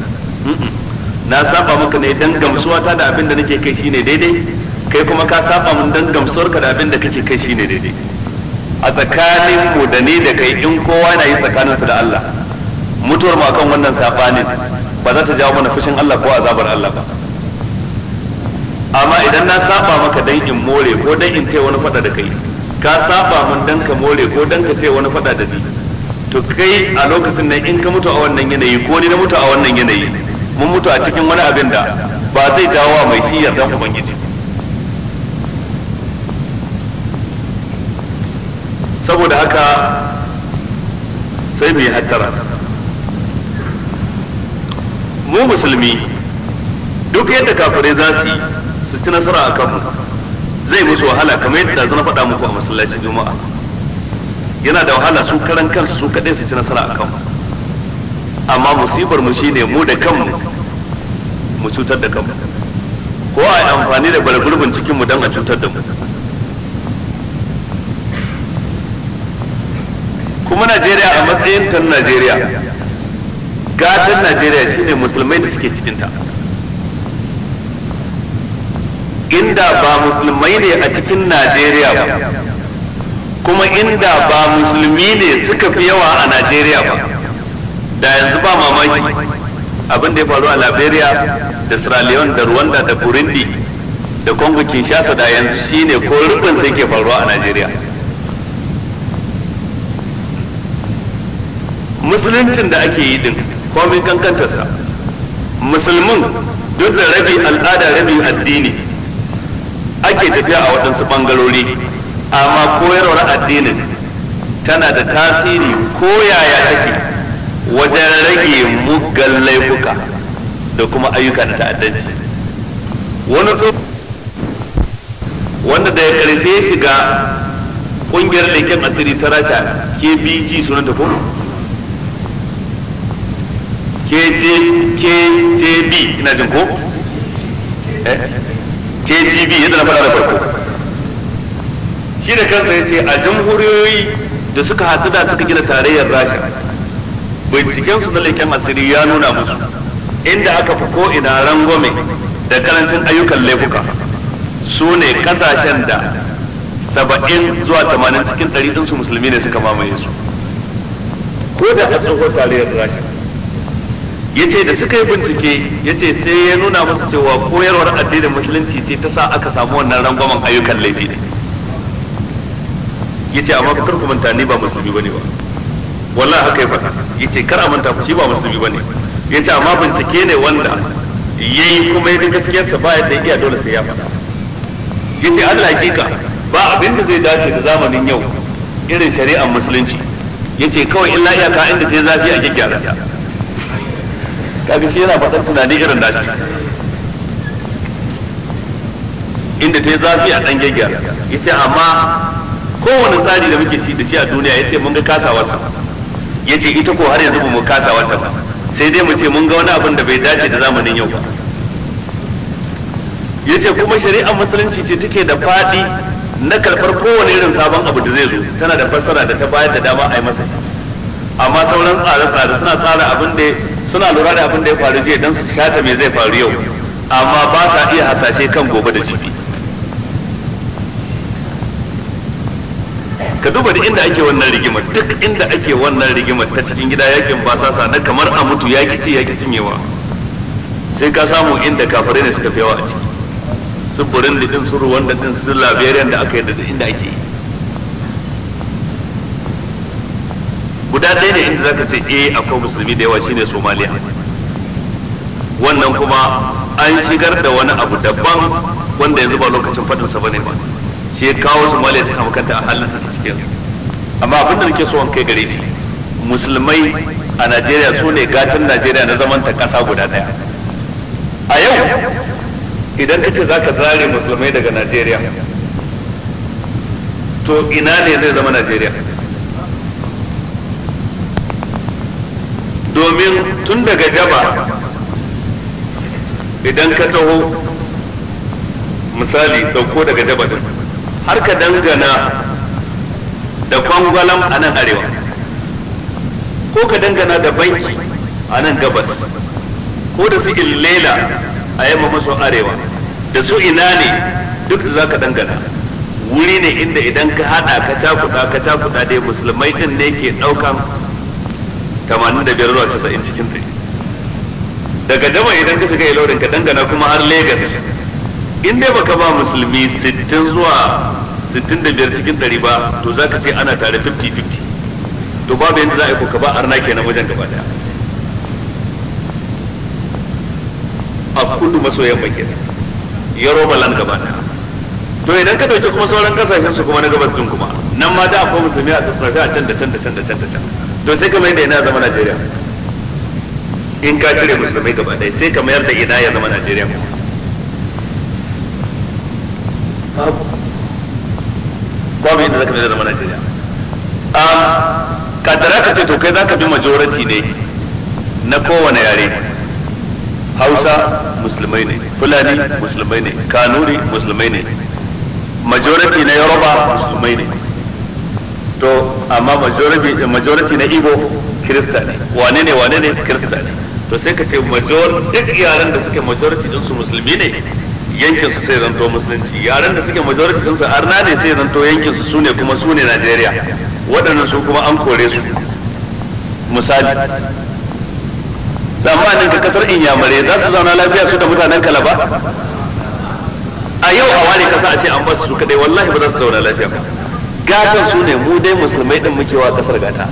na saba maka ne dan gamsuwa ta da abin da nake kai shine daidai kai kuma ka saba mun dan gamsuwar ka da abin da kake kai shine daidai a tsakanin mu da ni da kai in kowa na yi su da Allah mutuwar mu akan wannan sabanin ba za ta jawo mana fushin Allah ko azabar Allah ba amma idan na saba maka dan in more ko dan in taya wani fada da kai ka saba mun dan ka more ko dan ka taya wani fada da ni to kai a lokacin nan in ka mutu a wannan yanayi ko ni na mutu a wannan yanayi mun mutu a cikin wani abin da ba zai jawo wa mai shi dan ubangiji saboda haka sai mu yi hattara mu musulmi duk yadda kafirai za su su ci nasara a kanmu zai musu wahala kamar yadda zan faɗa muku a masallacin juma'a yana da wahala su karan kansu su kaɗai su ci nasara a kanmu amma musibar mu shine mu da kanmu mu cutar da kanmu ko a amfani da bargurbin cikin mu don a cutar da mu kuma Najeriya a matsayin ta Najeriya gadon najeriya shine musulmai da suke cikinta inda ba musulmai ne a cikin najeriya ba kuma inda ba musulmi ne suka fi yawa a najeriya ba da yanzu ba mamaki abin da ya faru a liberia da sierra da rwanda da burundi da congo kinshasa da yanzu shine ko rubin sai ke faruwa a najeriya musuluncin da ake yi din komin kankantarsa musulmin duk da rabi al'ada rabi addini ake tafiya a waɗansu ɓangarori amma koyarwar addinin tana da tasiri ko yaya take wajen rage mugan laifuka da kuma ayyuka na ta'addanci wani wanda da ya karshe shiga ƙungiyar leƙen asiri ta rasha kbg sunanta ko KJB ina jin ko eh? KGB yadda na faɗa da farko shi da kansa ya ce a jamhuriyoyi da suka hadu da suka gina tarayyar rasha bincikensu na leken asiri ya nuna musu inda aka fi ko ina rangwame da karancin ayyukan laifuka su ne kasashen da saba'in zuwa tamanin cikin ɗari ɗinsu musulmi ne suka mamaye su ko da a tsohon tarayyar rasha yace da suka yi bincike yace sai ya nuna musu cewa koyarwar addinin musulunci ce ta sa aka samu wannan rangwamen ayyukan laifi ne yace amma kar ku manta ni ba musulmi bane ba wallahi haka ya faɗa ce kar a manta ku shi ba musulmi bane ce amma bincike ne wanda ya yi kuma yadda gaskiyar sa ba ya iya dole sai ya faɗa ya ce an hakika ba abin da zai dace da zamanin yau irin shari'ar musulunci ya ce kawai illa iyaka inda zai zafi a gyaggyara kaga shi yana faɗan tunani irin nashi inda ta yi zafi a ɗan gyagya ya ce amma kowane tsari da muke shi da shi a duniya ya ce mun ga kasawarsa ya ce ita ko har yanzu ba mu kasawarta ba sai dai mu ce mun ga wani abin da bai dace da zamanin yau ba ya ce kuma shari'ar musulunci ce take da fadi na karɓar kowane irin sabon abu da zai zo tana da fassara da ta bayar da dama a yi masa shi amma sauran tsare-tsare suna tsara abin da suna lura da abin da ya faru jiya don su shata me zai faru yau amma ba sa iya hasashe kan gobe da jibi ka duba da inda ake wannan rigimar duk inda ake wannan rigimar ta cikin gida yakin ba sa na kamar a mutu yaki ci yaki cinyewa sai ka samu inda kafirai ne suka fi yawa a ciki su burin da din su ruwan da din su labiyar da aka yi da inda ake yi guda ɗaya ne inda zaka ce eh akwai musulmi da yawa shine Somalia wannan kuma an shigar da wani abu daban wanda yanzu ba lokacin fadin sa bane ba shi ya kawo Somalia ta samu kanta a halin ta cikin amma abin da nake so an kai gare shi musulmai a Najeriya su ne gatan Najeriya na zaman ta kasa guda ɗaya a yau idan kace zaka zare musulmai daga Najeriya to ina ne zai zama Najeriya domin tun daga jaba idan ka taho misali dauko daga jaba din har ka dangana da kwangwalam a nan arewa ko ka dangana da banki a nan gabas ko da su illela a yamma maso arewa da su ina ne duk za ka dangana wuri ne inda idan ka hada ka cakuda ka cakuda dai musulmai din ne ke daukan tamanin da biyar zuwa casa'in cikin ɗari daga jama idan ka shiga ilorin ka dangana kuma har Legas in dai baka ba musulmi sittin zuwa sittin da biyar cikin ɗari ba to za ka ce ana tare 50-50 to babu yadda za a yi ko ka ba arna kenan wajen gaba daya a kudu maso yamma kenan ya roba lan gaba daya to idan ka dauki kuma sauran kasashen su kuma na gabas din kuma nan ma da akwai musulmi a sassafe a can da can da can da can da can don sai kamar da ina zama Najeriya in ka cire musulmai gaba ɗaya sai ka mayar da ina ya zama Najeriya ba mai yadda zaka mayar da zama Najeriya a ah, kadara ka ce to kai ka bi majority ne na kowane yare hausa musulmai ne fulani musulmai ne kanuri musulmai ne majority na yoruba musulmai ne to amma majority majority na Igbo Kirista ne wane ne wane ne Kirista ne to sai ka ce major duk yaran da suke majority din su musulmi ne yankin su sai zanto musulunci yaran da suke majority din su arna ne sai zanto yankin su sune kuma sune Najeriya waɗannan su kuma an kore su misali zamanin ka kasar inyamare za su zauna lafiya su da mutanen kalaba a yau a ware kasa a ce an basu su kadai wallahi ba za su zauna lafiya ba gatan su ne mu dai musulmai din muke wa kasar gata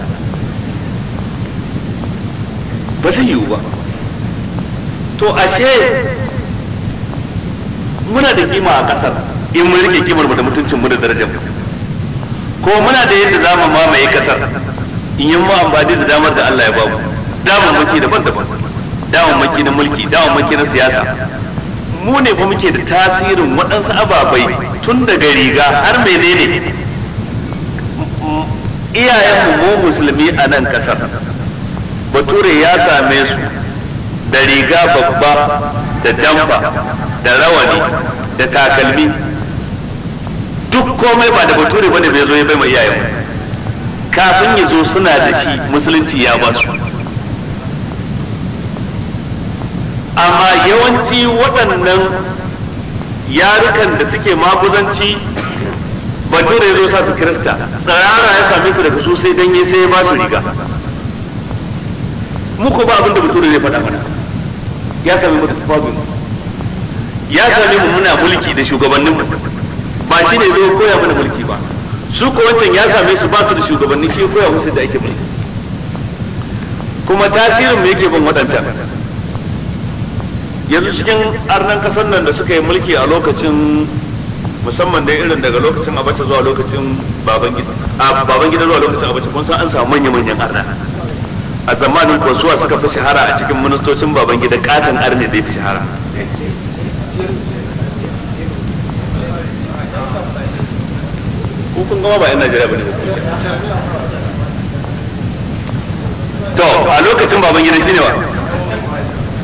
ba zai yiwu ba to ashe muna da kima a kasar in mun rike kimar mu da mutuncin mu da darajar ko muna da yadda zamu mamaye kasar in yin mu amfani da damar da Allah ya mu damar muke daban-daban damar muke na mulki damar muke na siyasa mu ne fa muke da tasirin waɗansu ababai tun daga riga har menene iyayen mu musulmi a nan kasar bature ya same su da riga babba da jamba da rawani da takalmi duk komai ba da bature bane bai zo ya bai iyayen mu kafin ya zo suna da shi musulunci ya ba su amma yawanci waɗannan yarukan da suke maguzanci da ya zo sa su kirista tsarara ya same su daga su sai ganye sai ya ba su riga muku ba abinda da zai faɗa mana ya same mu da tufafin ya same mu muna mulki da shugabannin mu ba shi ne zai koya mana mulki ba su ko wancan ya same su ba su da shugabanni shi koya musu da ake mulki kuma tasirin me yake bin waɗancan yanzu cikin arnan kasar nan da suka yi mulki a lokacin musamman dai irin daga lokacin abace zuwa lokacin baban gida a baban gida zuwa lokacin abace kun san an samu manya manyan arna a zamanin kosuwa suka fi shahara a cikin ministocin baban gida katin arne da ya fi shahara kun gama ba yan Najeriya bane to a lokacin baban gida shine wa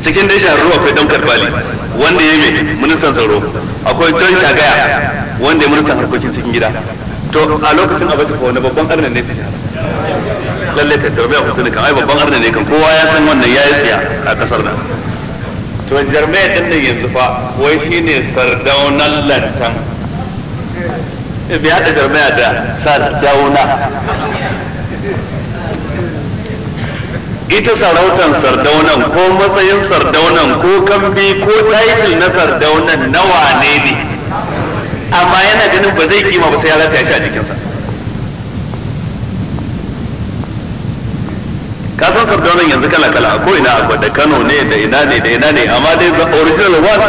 cikin dai shahararru akwai dan karbali wanda ya mai ministan tsaro akwai john shagaya wanda ya ministan harkokin cikin gida to a lokacin a bace wani babban arna ne lalle ka tarbiya hussein kan ai babban arna ne kan kowa ya san wannan ya yi tsiya a kasar nan to jarmai din nan yanzu fa wai shine sardaunan lantan bai haɗa jarmai da sardauna ita sarautan sardaunan ko matsayin sardaunan ko kambi ko title na sardaunan na wane ne amma yana ganin ba zai kima ba sai ya rataya shi a jikinsa ka san sardaunan yanzu kala kala a ko'ina akwai da kano ne da ina ne da ina ne amma dai the original one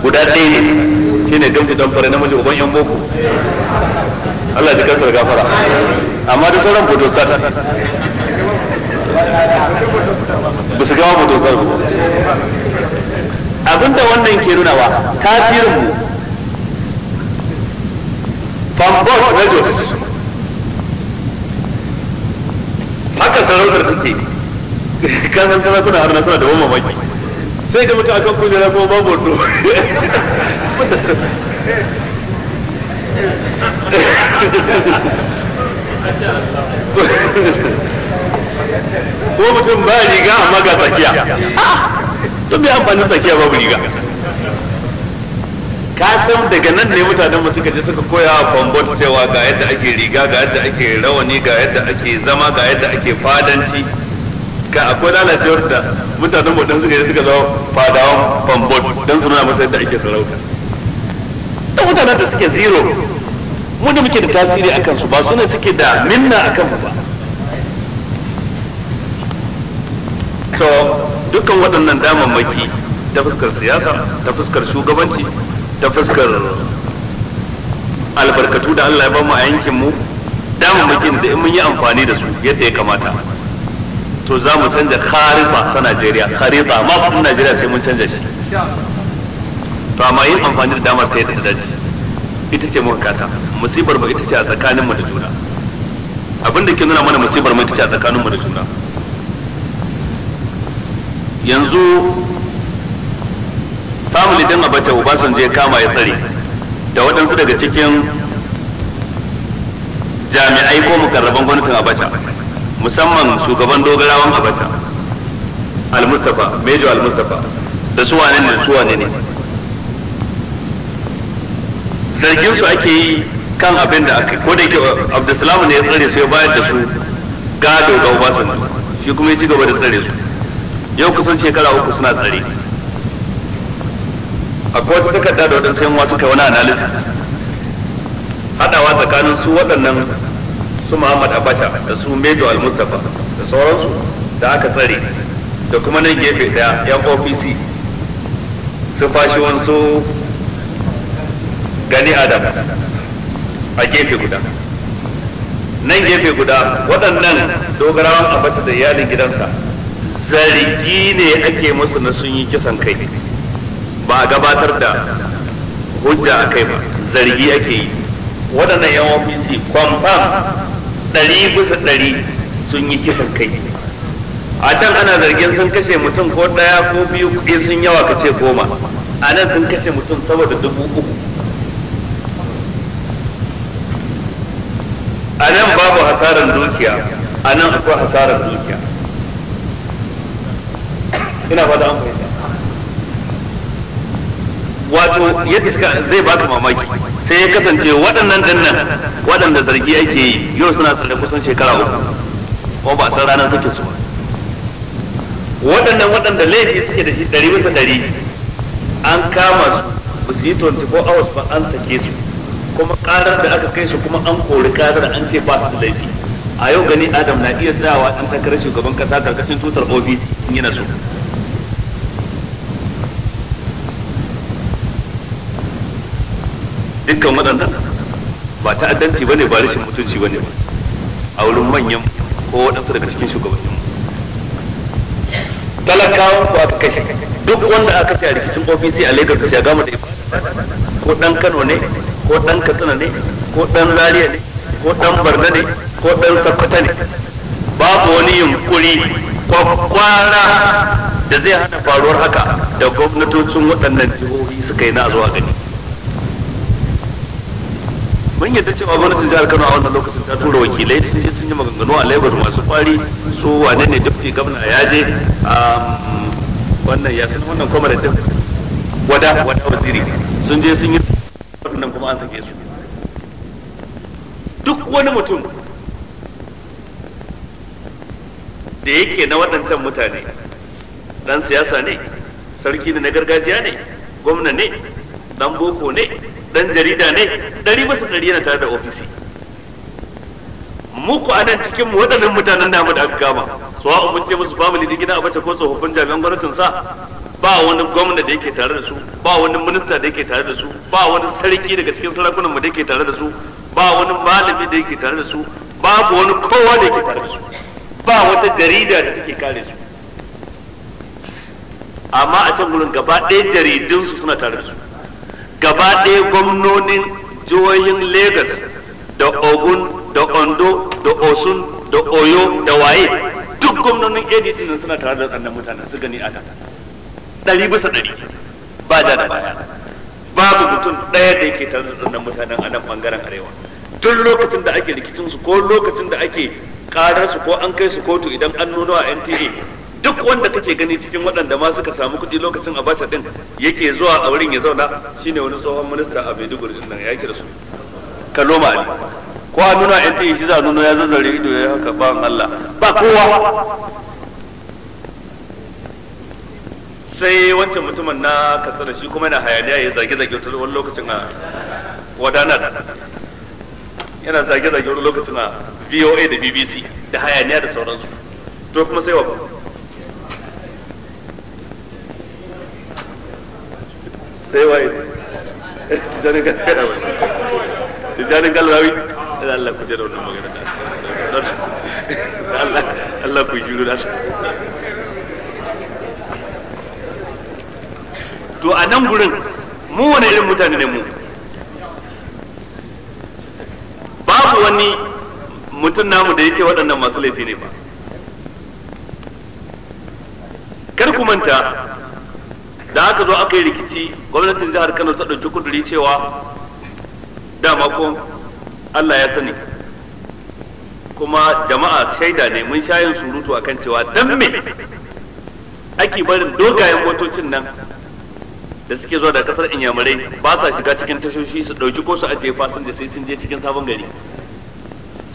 guda ɗaya ne shi ne shine don fara namiji uban yan boko Allah ya kasar gafara amma da sauran photostat ba su gawa mu dokar ba abinda wannan ke nuna wa tasirin mu fambos rajos haka sarautar take kasan sana suna har nasara da wamma maki sai da mutu a akan kujera ko babu wato Thank you. ko mutum ba riga amma ga tsakiya to bai amfani tsakiya babu riga ka san daga nan ne mutanen mu suka je suka koya wa bambot cewa ga yadda ake riga ga yadda ake rawani ga yadda ake zama ga yadda ake fadanci ga akwai lalacewar da mutanen mu dan suka je suka zama fadawan bambot dan su nuna masa yadda ake sarauta da mutanen da suke zero mu da muke da tasiri akan su ba suna suke da minna akan mu ba to dukkan waɗannan damammaki ta fuskar siyasa ta fuskar shugabanci ta fuskar albarkatu da Allah ya mu a yankin mu damammakin da in mun yi amfani da su yadda ya kamata to za mu canja kharifa ta Najeriya kharifa ma kuma Najeriya sai mun canja shi to amma yin amfani da damar sai ta dace ita ce muka kasa musibar ba ita ce a tsakanin mu da juna abin da ke nuna mana musibar mu ita ce a tsakanin mu da juna yanzu family din abacha obasanjo ya kama ya tsare da waɗansu daga cikin jami'ai ko mukarraban gwamnatin abacha musamman shugaban dogarawan abacha al-mustafa major al-mustafa da su wane ne su wane ne zargin su ake yi kan abin da aka ko da ke uh, abdulsalam ne ya tsare su ya bayar da su gado ga obasanjo shi kuma ya ci gaba da tsare su yau kusan shekara uku suna tsare akwai wata takarda da wadansu yan wasu kai wani analysis haɗawa tsakanin su waɗannan su Muhammad Abacha da su Mejo al mustapha da sauransu da aka tsare da kuma nan gefe daya yan ofisi su fashi wansu gani adam a gefe guda nan gefe guda waɗannan dogarawan abacha da iyalin gidansa zargi ne ake musu na sun yi kisan kai ba a gabatar da hujja a kai ba zargi ake yi waɗannan yan ofisi kwamfam ɗari bisa ɗari sun yi kisan kai a can ana zargin sun kashe mutum ko ɗaya ko biyu kuɗi sun yawa ka ce goma a nan sun kashe mutum saboda dubu uku a nan babu hasarar dukiya a nan akwai hasarar dukiya ina fata an fahimta wato yadda suka zai ka mamaki sai ya kasance waɗannan dannan waɗanda zargi ake yi yau suna tsare kusan shekara uku ko ba san ranar suke su waɗannan waɗanda laifi suke da shi ɗari bisa ɗari an kama su ba su yi 24 hours ba an sake su kuma karar da aka kai su kuma an kori karar an ce ba su laifi a yau gani adam na iya tsayawa ɗan takarar shugaban kasa karkashin tutar ofis yana so dukkan waɗannan ba ta'addanci ne ba rashin mutunci ne ba a wurin manyan ko waɗansu daga cikin shugabannin talakawan ko aka kashe duk wanda aka kashe a rikicin ofisi a Lagos kashe gama da ko dan Kano ne ko dan Katsina ne ko dan Zaria ne ko dan Barna ne ko dan Sokoto ne babu wani yunkuri kwakwara da zai hana faruwar haka da gwamnatocin waɗannan jihohi suka yi na zuwa gani mun yadda cewa gwamnatin jihar Kano a wannan lokacin ta tura wakilai sun je sun yi maganganu a Lagos masu kwari su wane ne dukti gwamna ya je wannan ya san wannan kuma da wada wada waziri sun je sun yi wannan kuma an sake su duk wani mutum da yake na waɗancan mutane dan siyasa ne sarki ne na gargajiya ne gwamna ne dan boko ne dan jarida ne ɗari bisa ɗari yana tare da ofisi muku a nan cikin waɗannan mutanen namu da aka kama sawa'un mun ce musu family da gida a bace ko tsofaffin jami'an gwamnatin sa ba wani gwamna da yake tare da su ba wani minista da yake tare da su ba wani sarki daga cikin sarakunan mu da yake tare da su ba wani malami da yake tare da su babu wani kowa da yake tare da su ba wata jarida da take kare su amma a can gurin gaba ɗaya su suna tare da su gaba ɗaya gwamnonin jihohin Legas da Ogun da Ondo da Osun da Oyo da waye duk gwamnonin ADT nan suna tare da tsannan mutanen su gani aka ɗari bisa ɗari ba da baya babu mutum ɗaya da yake tare da tsannan mutanen a nan ɓangaren arewa tun lokacin da ake rikicin su ko lokacin da ake karar su ko an kai su kotu idan an nuna a NTA duk wanda kake gani cikin waɗanda ma suka samu kuɗi lokacin abacha din yake zuwa a wurin ya zauna shine wani tsohon minista a Maiduguri din nan ya da su Ka noma Ali ko a nuna yan tayi shi za nuna ya zazzare ido ya haka ba Allah ba kowa sai wancan mutumin na da shi kuma yana hayaniya ya zage-zage wani lokacin a wadanar yana zage-zage wani lokacin a voa da bbc da hayaniya da sauransu to kuma sai wa sai waye da Allah ku jira wannan to a nan gurin mu wani irin mutane ne mu babu wani mutum namu da yake waɗannan masu laifi ne ba kar ku manta da aka zo aka yi rikici gwamnatin jihar Kano ta ɗauki kuduri cewa dama ko Allah ya sani kuma jama'a shaida ne mun shayin surutu akan cewa dan me ake barin dogayen motocin nan da suke zuwa da kasar inyamurai ba sa shiga cikin tashoshi su ɗauki ko su ajiye fasinja sai sun je cikin sabon gari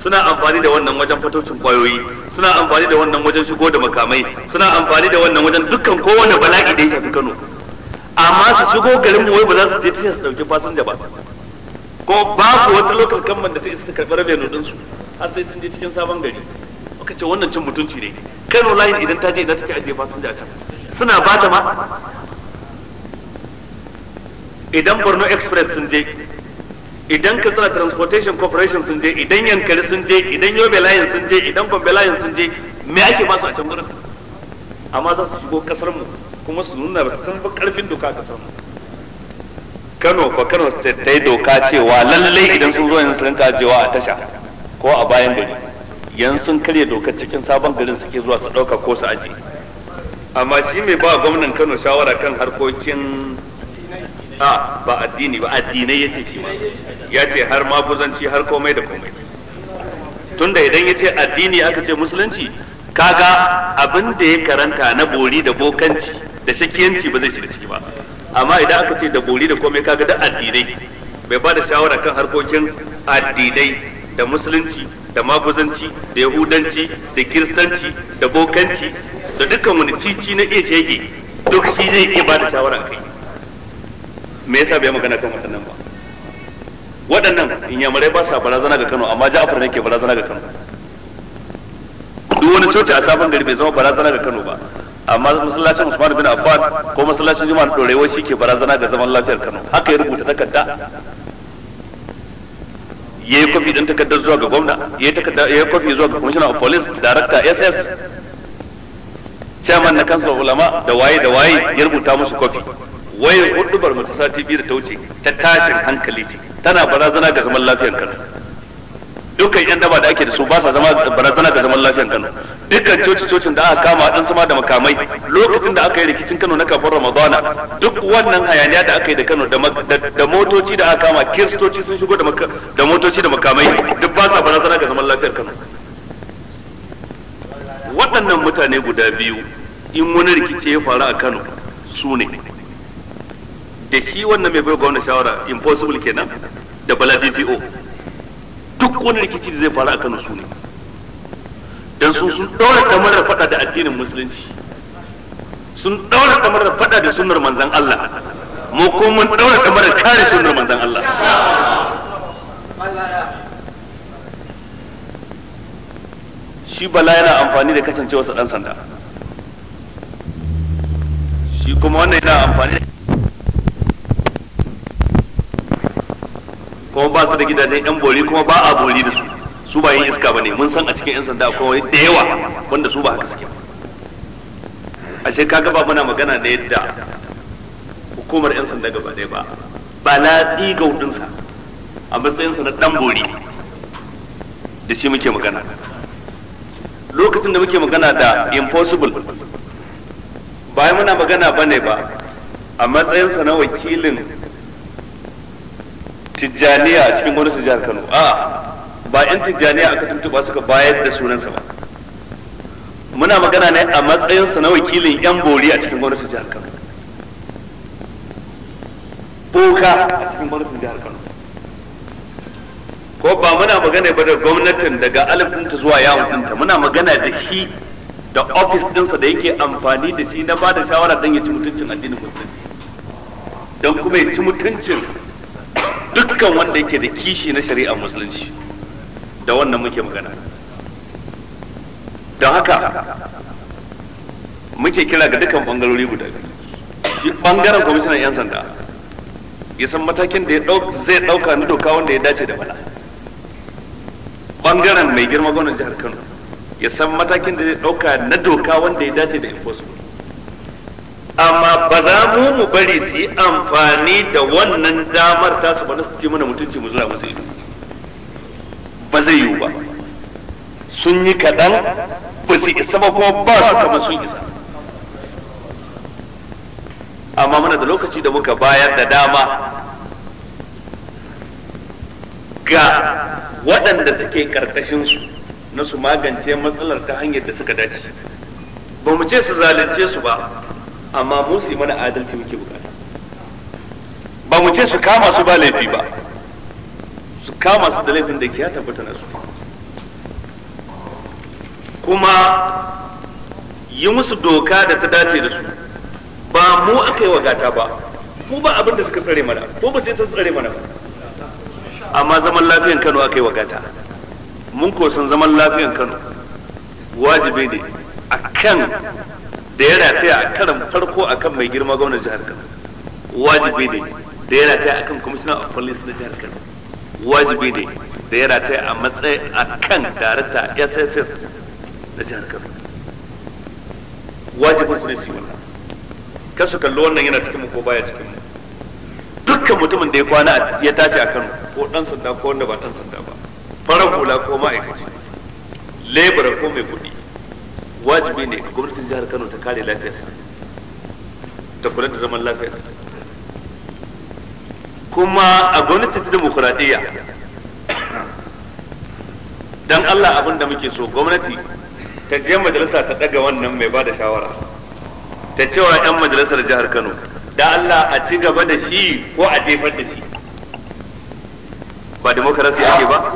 suna amfani da wannan wajen fatocin kwayoyi suna amfani da wannan wajen shigo da makamai suna amfani da wannan wajen dukkan kowane bala'i da ya shafi kano amma su shigo garin mu wai ba za su je tashin su dauki fasinja ba ko ba su wata kan man da sai su karbar rabe nudin su har sai sun je cikin sabon gari aka ce wannan cin mutunci ne kano layin idan ta je idan take ajiye fasinja a can suna ba ta ma idan borno express sun je idan katsina transportation corporation sun je idan yankari sun je idan yobe layin sun je idan gombe layin sun je me ake ba su a can gurin amma za su shigo kasar mu kuma su nuna ba san karfin doka ka san Kano fa Kano state ta yi doka cewa lallai idan sun zo yanzu sun rinka jewa a tasha ko a bayan gari yanzu sun karya doka cikin sabon garin suke zuwa su dauka ko su aje amma shi mai ba gwamnan Kano shawara kan harkokin a ba addini ba addinai ya ce shi ma ya ce har ma buzanci har komai da komai tunda idan ya ce addini aka ce musulunci kaga abin da ya karanta na bori da bokanci da shakiyanci ba zai shiga ciki ba amma idan aka ce da gori da komai kaga da addinai bai ba da shawara kan harkokin addinai da musulunci da maguzanci da yahudanci da kiristanci da bokanci da dukkan wani cici na iya shege duk shi zai iya ba da shawara kai me yasa bai magana kan waɗannan ba waɗannan inyamurai ba sa barazana ga Kano amma Ja'far ne ke barazana ga Kano duk wani coci a sabon gari bai zama barazana ga Kano ba amma masallacin Usman bin Affan ko masallacin Juma'a dorewa ke barazana ga zaman lafiyar Kano haka ya rubuta takarda ya yi kofi din takardar zuwa ga gwamna ya yi takarda yayi kofi zuwa ga commissioner of police director SS chairman na kansu ulama da waye da waye ya rubuta musu kofi waye hudubar mutasa biyu da ta wuce ta tashin hankali ce tana barazana ga zaman lafiyar Kano dukkan yan daba da ake da su ba sa zama barazana ga zaman lafiyar Kano dukkan coci cocin da aka kama dan sama da makamai lokacin da aka yi rikicin Kano na kafin Ramadana duk wannan hayaniya da aka yi da Kano da motoci da aka kama kiristoci sun shigo da motoci da makamai duk ba sa barazana ga zaman lafiyar Kano waɗannan mutane guda biyu in wani rikici ya faru a Kano su ne da shi wannan mai bai gwamna shawara impossible kenan da bala DPO duk wani rikici da zai faru a kanu su ne dan su sun daura da fada da addinin musulunci sun daura da fada da sunnar manzon Allah mu ko mun daura da kare sunnar manzon Allah shi bala yana amfani da sa dan sanda shi kuma wannan yana amfani da kuma ba su da gidajen yan bori kuma ba a bori da su su ba yin iska bane mun san a cikin yan sanda akwai da yawa wanda su ba haka suke ashe ka gaba muna magana da yadda hukumar yan sanda gaba ɗaya ba ba na tsiga hudunsa a matsayin sa na dan bori da shi muke magana lokacin da muke magana da impossible bayan muna magana ba ne ba a matsayin sa na wakilin tijjaniya a cikin gwamnatin jihar Kano a ah. ba yan tijjaniya aka tuntuba suka bayar da sunansa ba muna magana ne a matsayin sa na wakilin yan bori a cikin gwamnatin jihar Kano boka a cikin gwamnatin jihar Kano ko ba muna magana ba da gwamnatin daga ta zuwa yawon dinta muna magana da shi da ofis ɗinsa da yake amfani da shi na ba da shawara don ya ci mutuncin addinin musulunci don kuma ya ci mutuncin dukkan wanda yake da kishi na shari'a musulunci da wannan muke magana don haka muke kira ga dukkan bangarori guda biyu bangaren kwamishinan 'yan sanda ya san matakin da zai ɗauka na doka wanda ya dace da bala bangaren mai girma gwamnan jihar kano ya san matakin da zai ɗauka na doka wanda ya dace da enforcement amma ba za mu mu bari su yi amfani da wannan damar ta su na su ce mana mutunci mu zura musu ido ba zai yiwu ba sun yi kaɗan ba su isa ba kuma ba su kama sun isa amma muna da lokaci da muka bayar da dama ga waɗanda suke ƙarƙashinsu na su magance matsalar ta hanyar da suka dace ba mu ce su zalunce su ba amma mu su mana adalci muke bukata ba mu ce su kama su ba laifi ba su kama su da laifin da ke ya tabbata na su kuma yi musu doka da ta dace da su ba mu aka yi wa gata ba ko ba abin da suka tsare mana ko ba sai sun tsare mana ba amma zaman lafiyan Kano aka yi wa gata mun ko san zaman lafiyan Kano wajibi ne a kan. da ya taya a karan farko akan mai girma gwamnan jihar Kano wajibi ne da ya a akan commissioner of police na jihar Kano wajibi ne da ya taya a matsayi akan darata SSS na jihar Kano wajibin su ne su wannan kasu kallo wannan yana cikin mu ko baya cikin mu dukkan mutumin da ya kwana ya tashi a Kano ko dan sanda ko wanda ba dan sanda ba farar hula ko ma'aikaci lebura ko mai kuɗi wajibi ne gwamnatin jihar Kano ta kare lafiyarsa ta kula da zaman lafiyarsa kuma a gwamnati ta demokuraɗiyya dan Allah abin da muke so gwamnati ta je majalisa ta ɗaga wannan mai bada shawara ta cewa 'yan majalisar jihar Kano da Allah a ci gaba da shi ko a jefar da shi ba demokarasi ake ba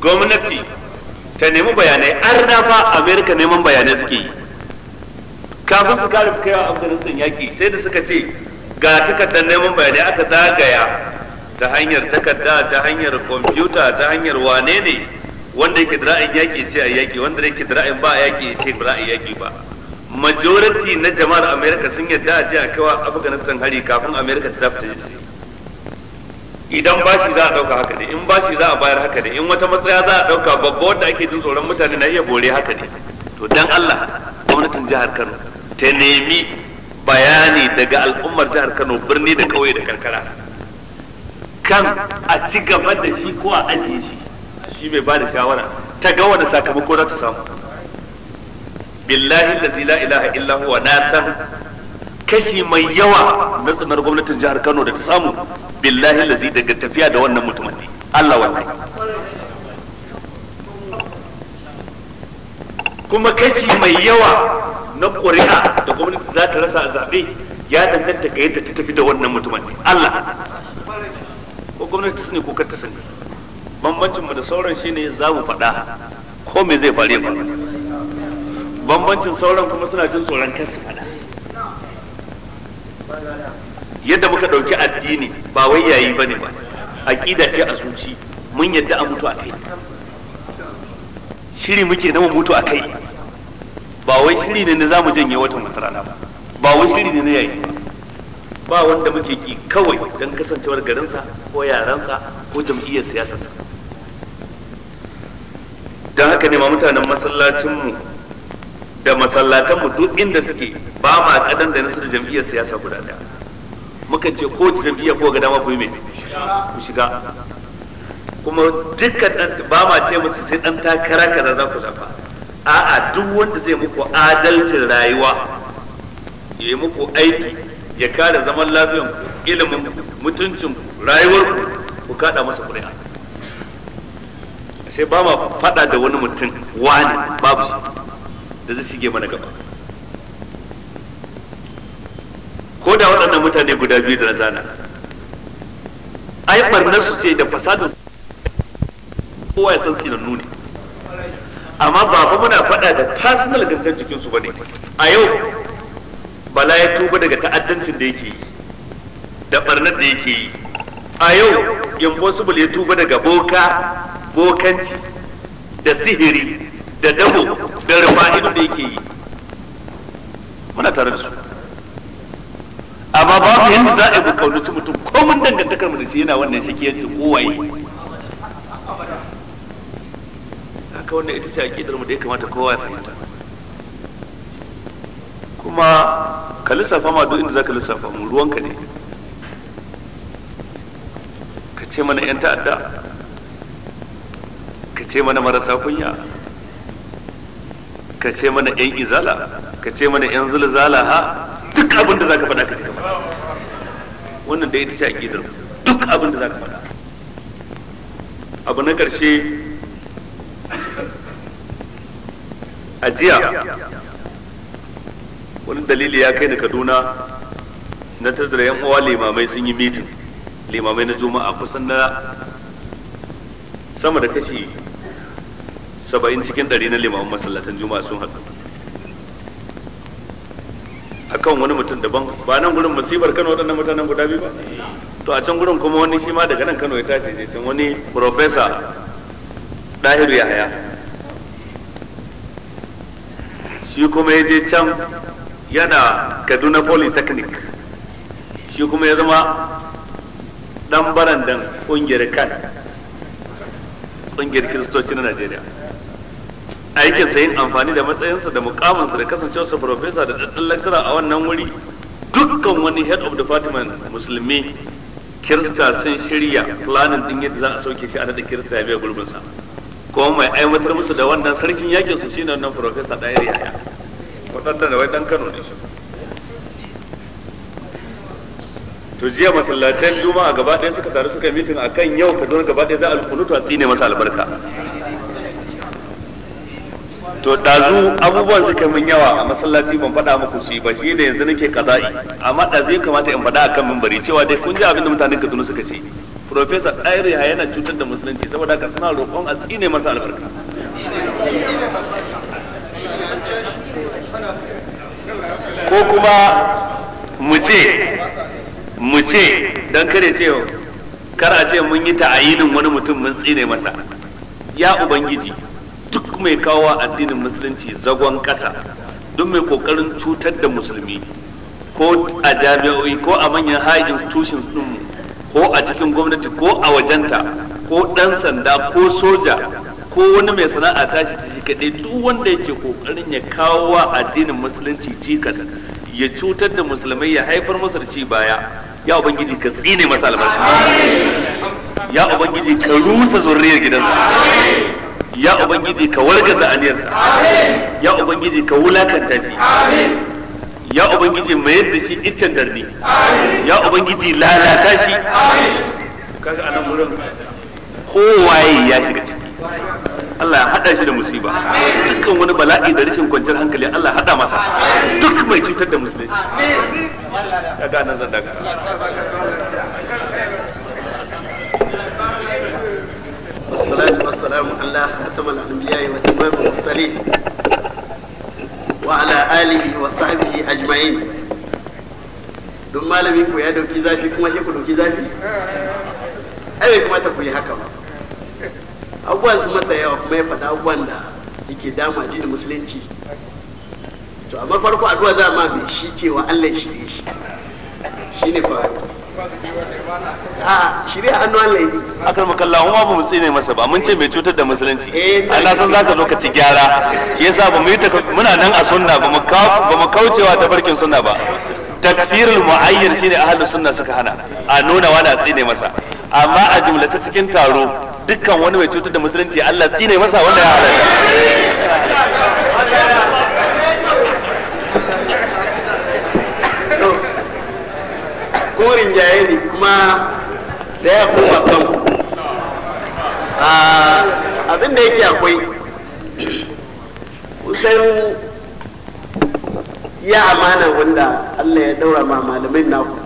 gwamnati ta nemi bayanai an rafa amerika neman bayanai suke yi kafin su kare kai a afganistan yaki sai da suka ce ga takardar neman bayanai aka zagaya ta hanyar takarda ta hanyar kwamfuta ta hanyar wane ne wanda yake da ra'ayin yaki sai a yaki wanda yake da ra'ayin ba a yaki ce ba ra'ayin yaki ba majority na jama'ar amerika sun yarda a je a kaiwa afganistan hari kafin amerika ta tafi idan bashi za a dauka haka ne in bashi za a bayar haka ne in wata matsaya za a dauka babba wanda ake jin tsoron mutane na iya bore haka ne to dan Allah gwamnatin jihar Kano ta nemi bayani daga al'ummar jihar Kano birni da kauye da karkara kan a ci gaba da shi ko a ajiye shi shi mai ba da shawara ta ga wani sakamako za ta samu billahi la ilaha illa huwa na san kashi mai yawa na tsanar gwamnatin jihar Kano da ta samu billahi lazi daga tafiya da wannan mutumin ne Allah wallahi kuma kashi mai yawa na ƙuri'a da gwamnati za ta rasa a zaɓe ya danganta ga yadda ta tafi da wannan mutumin ne Allah ko gwamnati ta sani ko ta sani bambancin mu da sauran shine za mu faɗa ko me zai faru ba bambancin sauran kuma suna jin tsoron kansu faɗa yadda muka ɗauki addini ba wai yayi bane ba aqida ce a zuci mun yadda a mutu akai shiri muke na mu mutu akai ba wai shiri ne na zamu janye watan wata rana ba ba wai shiri ne na yayi ba wanda muke ki kawai don kasancewar garinsa ko yaransa ko jam'iyyar siyasarsa don haka ne ma mutanen masallacinmu da masallatanmu duk inda suke ba ma kadan da nasu da jam'iyyar siyasa guda daya Muka ce ko tafiya ko ga dama ku shiga kuma dukkan dan ba ma ce musu sai dan takara kaza za ku zafa a'a duk wanda zai muku adalcin rayuwa ya yi muku aiki ya kare zaman lafiyan ku ilimin mutuncin ku rayuwar ku ku kada masa kuri'a sai ba ma fada da wani mutum wani babu da zai shige mana gaba ko da waɗannan mutane guda biyu da na zana ai barnar su ce da fasadun kowa ya san na nuni amma ba fa muna faɗa da personal gangan cikin su bane a yau bala ya tuba daga ta'addancin da yake yi da barnar da yake yi a yau impossible ya tuba daga boka bokanci da sihiri da dabo da rufa'in da yake yi muna tare da su amma babu yanda za a yi su mutum ko mun dangantakar mu da shi yana wannan shakiyanci ko waye haka wannan ita ce ƙidar mu da ya kamata kowa ya fahimta kuma ka lissafa ma duk inda za ka lissafa mu ruwanka ne ka ce mana yan ta'adda ka ce mana marasa kunya ka ce mana yan izala ka ce mana yan zulzala ha duk abin da ka faɗa ka ce wannan da ita ce aqidar duk abin da ka faɗa abu na ƙarshe a jiya wani dalili ya kai ni kaduna na tattara yan uwa limamai sun yi mitin limamai na juma'a kusan na sama da kashi saba'in cikin ɗari na limamin masallatan juma'a sun haɗu kan wani mutum daban ba nan gurin musibar Kano waɗannan mutanen guda biyu ba to a can gurin kuma wani shi ma daga nan Kano ya tashi ne can wani profesa. Dahiru Yahaya shi kuma ya je can yana Kaduna Polytechnic shi kuma ya zama dan barandan ƙungiyar kan ƙungiyar kiristoci na Najeriya aikin sa yin amfani da matsayinsa da mukaminsa da kasancewarsa profesa da daddan lecturer a wannan wuri dukkan wani head of department musulmi kirista sun shirya planning din yadda za a sauke shi a daɗa kirista ya biya sa kuma mai aiwatar musu da wannan sarkin yakin su shine wannan profesa ɗaya ya waɗanda da wai ɗan kano ne to jiya masallatan juma'a gaba ɗaya suka taru suka mitin akan yau kaduna gaba ɗaya za a kunutu a tsine masa albarka to dazu abubuwan suka min yawa a masallaci ban faɗa muku shi ba shi ne yanzu nake kaza'i amma ɗazu ya kamata in faɗa kan mimbari cewa dai kun ji abin da mutanen Kaduna suka ce Professor Ɗairi ya yana cutar da musulunci saboda haka suna roƙon a tsine masa albarka. Ko kuma mu ce mu ce don kare ce kar a ce mun yi ta'ayinin wani mutum mun tsine masa ya ubangiji duk mai kawo addinin musulunci zagon ƙasa duk mai kokarin cutar da musulmi ko a jami'o'i ko a manyan high institutions din ko a cikin gwamnati ko a wajenta ko ɗan sanda ko soja ko wani mai sana'a tashi ciki kaɗai duk wanda yake kokarin ya kawo wa addinin musulunci cikas ya cutar da musulmai ya haifar masa da ci baya ya ubangiji ka tsine masa albarka ya ubangiji ka rusa zurriyar gidansa ya ubangiji ka wargaza aniyarsa ya ubangiji ka wulakanta shi ya ubangiji mai yadda shi iccen darbi ya ubangiji lalata shi kaga anan wurin kowaye ya shiga ciki Allah ya hada shi da musiba dukkan wani bala'i da rashin kwanciyar hankali Allah hada masa duk mai cutar da musulunci kaga nan zan daga والصلاة والسلام على خاتم الأنبياء وإمام المرسلين وعلى آله وصحبه أجمعين don malami ku ya dauki zafi kuma shi ku dauki zafi ai kuma ta ku haka ba abubuwan su masa kuma ya faɗa abubuwan da yake dama ji da musulunci to amma farko a za zama mai shi cewa Allah shi ne shi shine faru a shirya hannu Allah yi akan makalla kuma ba mu tsine masa ba mun ce mai cutar da musulunci eh, Allah san zaka zo ka ci gyara shi yasa ba mu yi muna nan a sunna ba mu ba mu kaucewa ta barkin sunna ba takfirul mu'ayyan shine ahlus sunna suka hana a nuna wani a tsine masa amma a ta cikin taro dukkan wani mai cutar da musulunci Allah tsine masa wanda ya halatta korin jaye ne kuma sai ya koma kan abin da yake akwai kusan ya amana wanda Allah ya daura ma malamai ku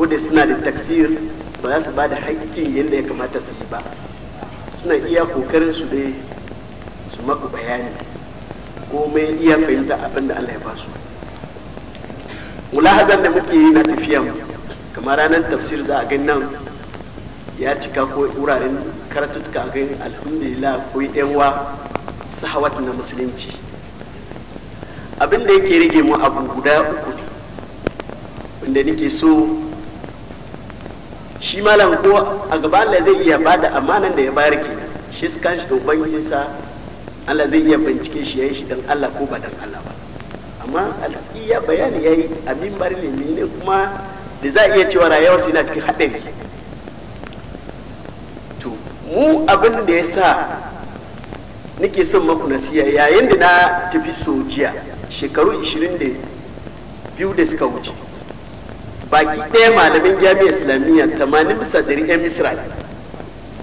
ko da suna da taksir ba za su ba da haƙƙin yadda ya kamata su yi ba suna iya kokarin su dai su maku bayani mai iya fahimta abin da Allah ya ba su mulahazar da muke yi na tafiya mu kamar ranar tafsir za a gani nan ya cika ko wuraren karatuka a gani alhamdulillah ko yan wa sahawat na musulunci abin da yake rage mu abu guda uku ne wanda nake so shi malam ko a gaba Allah zai iya bada amanan da ya bayar ke shi su shi da ubangijinsa Allah zai iya bincike shi ya yi shi dan Allah ko ba dan Allah ba amma alhaƙi ya bayani ya yi a mimbar ne ne kuma da za a iya cewa rayuwar su yana cikin haɗari to mu abin da ya sa nake son maku nasiya yayin da na tafi sojiya shekaru 22 da suka wuce baki ɗaya malamin jami'a islamiyya tamanin bisa ɗari 'yan misra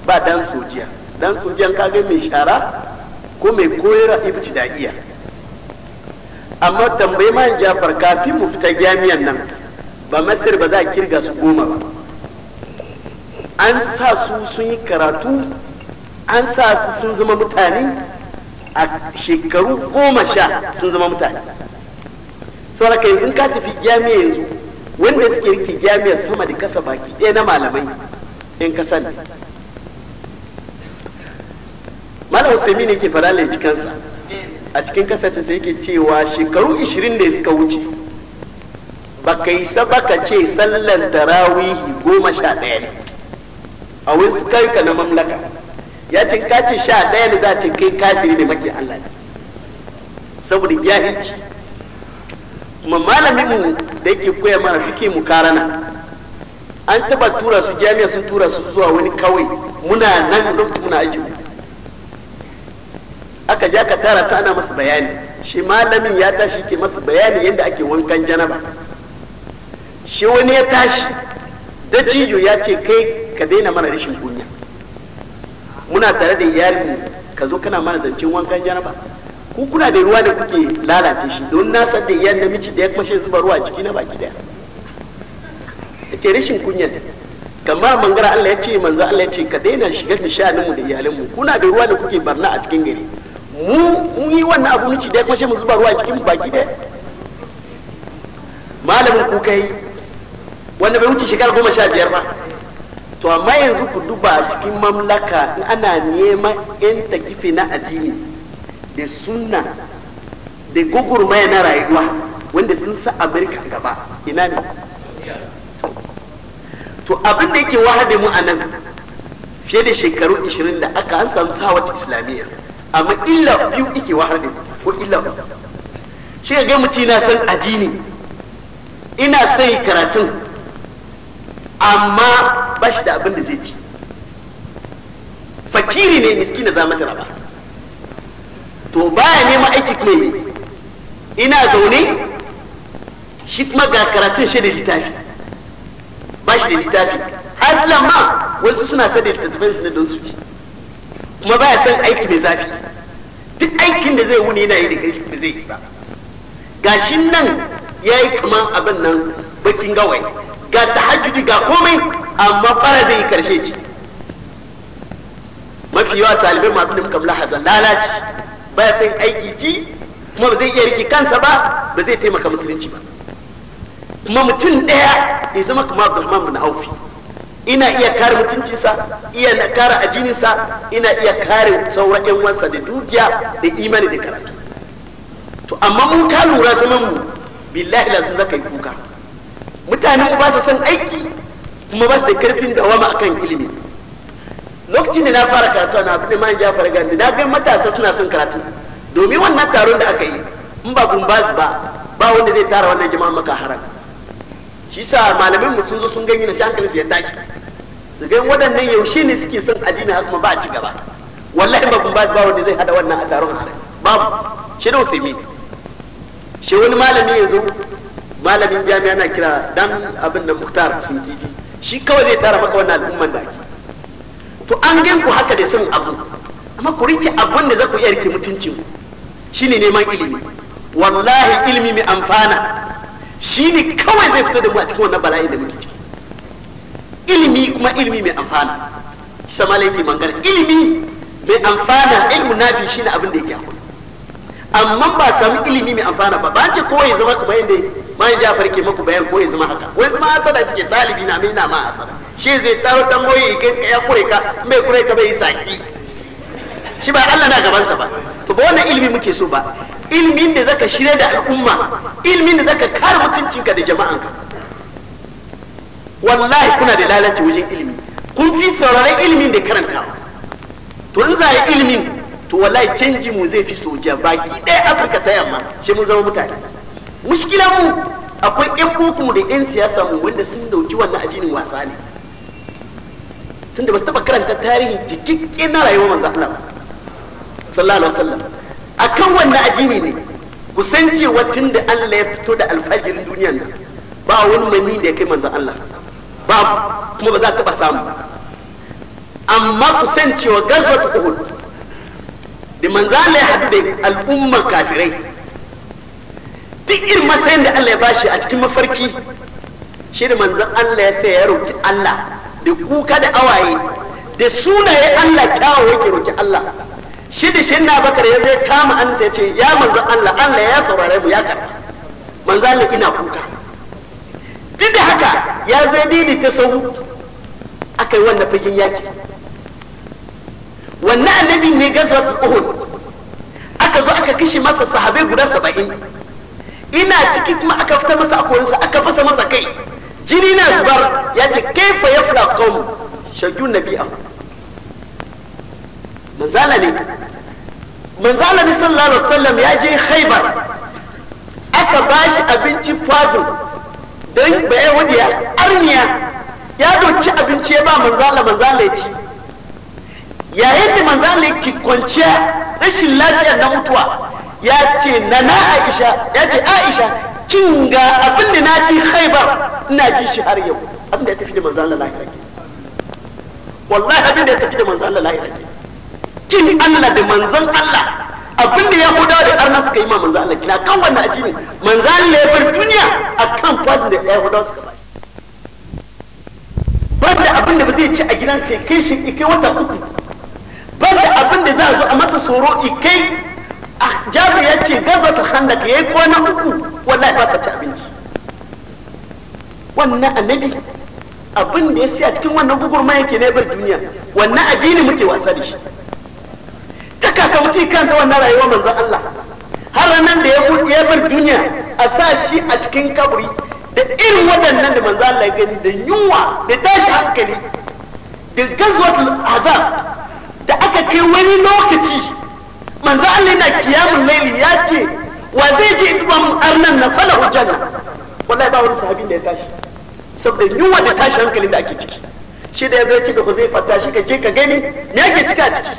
ba dan sojiya dan sojiyan kaga mai shara ko mai koyar ibtida'iya amma tambayi man jafar kafin mu fita jami'an nan ba masir ba za a kirga su goma ba an sa su sun yi karatu an sa su sun zama mutane a shekaru goma sha sun zama mutane sauraka yanzu in ka tafi jami'a yanzu wanda suke rike jami'a sama da kasa baki ɗaya na malamai in ka sani malam sami ne ke fara cikinsa a cikin kasashen sai yake cewa shekaru 20 ne suka wuce ba ka yi saba ka ce sallan tarawihi goma sha ɗaya ne a wani karka na mamlaka ya ce ka ce sha ɗaya ne za ta kai kafiri ne maki Allah ne saboda jahilci kuma malamin mu da yake koya mana fike mu karana an taba tura su jami'a sun tura su zuwa wani kawai muna nan lokacin muna aiki aka ja ka tara su ana masu bayani shi malamin ya tashi ke masu bayani yadda ake wankan janaba shi wani ya tashi da cijo ya ce kai ka daina mana rashin kunya muna tare da iyalin ka zo kana mana zancen wankan janaba ku kuna da ruwa da kuke lalace shi don na san da iyalin namiji da ya kuma zuba ruwa a ciki na baki daya da ke rashin kunya kamar mangara Allah ya ce manzo Allah ya ce ka daina shiga da mu da iyalanmu kuna da ruwa da kuke barna a cikin gari mu mun yi wannan abu miji da ya kuma mu zuba ruwa a cikin baki daya malamin ku kai wanda bai wuce shekara goma sha biyar ba to amma yanzu ku duba a cikin mamlaka in ana neman yan takifi na addini da sunna da gugurmaya na rayuwa wanda sun sa amurka gaba ina ne to abin da yake wahade mu a nan fiye da shekaru 20 da aka an samu sawat islamiyya amma illa biyu ike wahade ko illa shi ga mutum na san addini ina sai karatun amma ba shi da abin da zai ci fakiri ne miski na zama raba to baya nema aiki kuma ina zaune shi kuma ga karatun shi da littafi ba shi da littafi aslan ma wasu suna sa da littattafai su na don su ci kuma baya son aiki mai zafi duk aikin da zai wuni yana yi da ƙarfi da zai yi ba gashin nan ya yi kaman abin nan bakin gawayi ga tahajjudi ga komai amma fara zai karshe ci mafi yawa talibai masu da kamla hazan lalaci ba ya san aiki ci kuma ba zai iya riki kansa ba ba zai taimaka musulunci ba kuma mutum ɗaya ya zama kuma abdulrahman na haufi. ina iya kare mutuncinsa iya kare ajininsa ina iya kare sauran yan wansa da dukiya da imani da karatu to amma mun ka lura zaman mu billahi lazim zaka yi kuka mutanen mu ba su son aiki kuma ba su da karfin wama akan ilimi lokacin da na fara karatu na abu mai jafar gandi na ga matasa suna son karatu domin wannan taron da aka yi in ba gumbaz ba ba wanda zai tara wannan jama'a maka haram shi sa malamin mu sun zo sun ganyi na shi su ya tashi su ga waɗannan yaushe ne suke son addini har kuma ba a ci gaba wallahi ba gumbaz ba wanda zai hada wannan a taron haram babu shi da usaimi shi wani malami yanzu malamin jami'a na kira dan abin da muktar jiji shi kawai zai tara maka wannan al'umman da ake to an gan ku haka da sun abu amma ku rike abun da za ku iya rike mutuncin shine neman ilimi wallahi ilimi mai amfana shine kawai zai fito da mu a cikin wannan bala'i da muke ciki ilimi kuma ilimi mai amfana shi ma mangana ilimi mai amfana ilmu nafi shine abin da yake akwai amma ba samu ilimi mai amfana ba ba ce kowai ya zama kamar yadda man jafar ke muku bayan ko zama haka wai zama asada cike talibi na mina ma asada shi zai taro tangoyi kan ya kure ka mai kure ka bai saki shi ba Allah na gabansa ba to ba wannan ilimi muke so ba ilimin da zaka shirya da al'umma ilimin da zaka kare ka da jama'anka wallahi kuna da lalaci wajen ilimi kun fi sauraron ilimin da karantawa to in za a yi ilimin to wallahi canji mu zai fi soja baki ɗaya afirka ta yamma shi mun zama mutane mushkilan mu akwai ƴan boko da ƴan siyasa mu wanda sun dauki wannan ajinin wasa ne tunda ba su taba karanta tarihi cikakke na rayuwar manzo Allah sallallahu alaihi wasallam akan wannan ajini ne ku san cewa tunda Allah ya fito da alfajirin duniyar nan ba wani mani da ya kai manzo Allah ba kuma ba za ka ba samu amma ku san cewa gazwatu Uhud da manzo Allah ya hadu da al'umman kafirai duk irin matsayin da Allah ya bashi a cikin mafarki shi da manzon Allah ya sai ya roki Allah da kuka da awaye da sunaye Allah kyawo yake roki Allah shi da shi na bakar ya zai kama an sai ce ya manzon Allah Allah ya saurare mu ya karba manzon Allah ina kuka duk da haka ya zai didi ta sahu akai wannan fagen yaki wannan annabi ne gazwatul uhud aka zo aka kishi masa sahabbai guda saba'in ina ciki kuma aka fita masa a korinsa aka fasa masa kai jini na zubar ya ce kaifa ya fura kawo shagyu na biya manzala ne manzala ne sallallahu alaihi ya je haibar aka ba shi abinci fazil don bayan wadiya arniya ya doci abinci ya ba manzala manzala ya ci yayin da manzala ke kwanciya rashin lafiya na mutuwa ya ce na na Aisha ya ce Aisha kin ga abin da na ji Khaibar ina ji shi har yau abin da ya tafi da manzan Allah lahira ke wallahi abin da ya tafi da manzan Allah lahira ke kin Allah da manzan Allah abin da Yahuda da arna suka yi ma manzan Allah kina kan wannan addini ne, Allah ya bar duniya kan fasin da ya Yahuda suka ba banda abin da ba zai ci a gidan sai kai shi kai wata uku banda abin da za a zo a masa tsoro kai Ah, jabir ya ce gazatul ya yi kwana uku wallahi ba ta ci abinci wannan annabi abin da ya siya cikin wannan gugurma yake ne bar duniya wannan addini muke wasa da shi ta kaka mutum kanta wannan rayuwar manzon Allah har ranar da ya bar duniya a sa shi a cikin kaburi da irin waɗannan da manzon Allah ya gani da yunwa da tashi hankali da gazwatul azab da aka kai wani lokaci manzo Allah yana kiyamun laili ya ce wa zai ji ibn arnan na fala hujjana wallahi ba wani sahabin da ya tashi saboda yunwa da tashi hankalin da ake ciki shi da ya zo ci da fata tashi ka je ka gani me yake cika ciki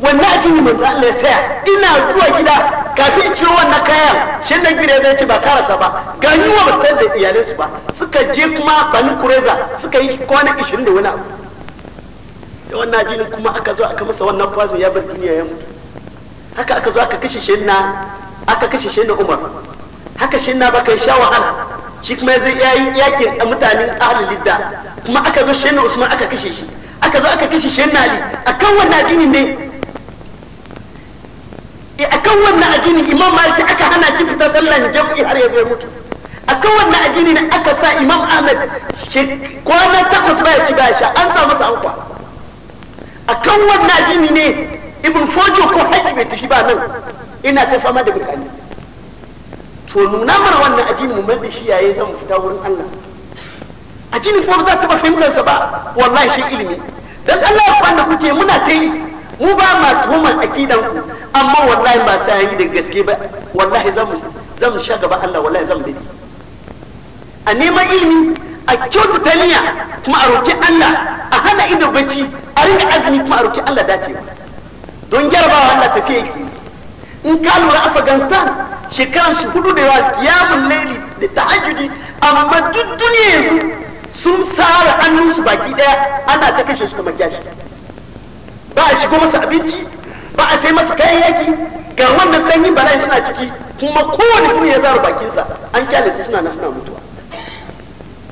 wannan ajin manzo Allah ya saya ina zuwa gida kafin ciro wannan kayan shi da gida zai ce ba karasa ba ga yunwa ba da iyalansu ba suka je kuma Bani Kureza suka yi kwana 20 da wani abu da wannan jini kuma aka zo aka masa wannan kwazin ya bar duniya ya mutu haka aka zo aka kashe shi na aka kashe shi na Umar haka shi na baka sha wahala shi kuma ya yi yakin a mutanen ahli lidda kuma aka zo shi na Usman aka kashe shi aka zo aka kashe shi na Ali akan wannan jini ne e eh, akan wannan ajini imam maliki aka hana shi fita sallan jam'i har ya zo ya mutu akan wannan ajini ne aka sa imam shi kwanan takwas baya ci ba ya sha an sa masa an kwa akan wannan addini ne ibn fojo ko haji bai tafi ba nan ina ta fama da bukani to nuna mana wannan addini mu mai shi yayi zan fita wurin Allah addini ko za ta ba fahimtar sa ba wallahi shi ilimi dan Allah ya kwanda kuke muna ta yi mu ba ma tuhumar akidan ku amma wallahi ba sa yi da gaske ba wallahi zan zan sha gaba Allah wallahi zan dade a neman ilimi a kyautata niyya kuma a roki Allah a hana ido bacci a rinka azumi kuma a roki Allah dacewa don wa Allah tafiya yake in ka lura Afghanistan shekaran su hudu da yawa kiyamun laili da tahajjudi amma duk duniya yanzu sun hannun su baki daya ana ta kashe su kamar gashi ba a shigo masa abinci ba a sai masa kayan yaki ga wannan sanyi bala suna ciki kuma kowane duniya ya zara bakinsa an kyale su suna na suna mutuwa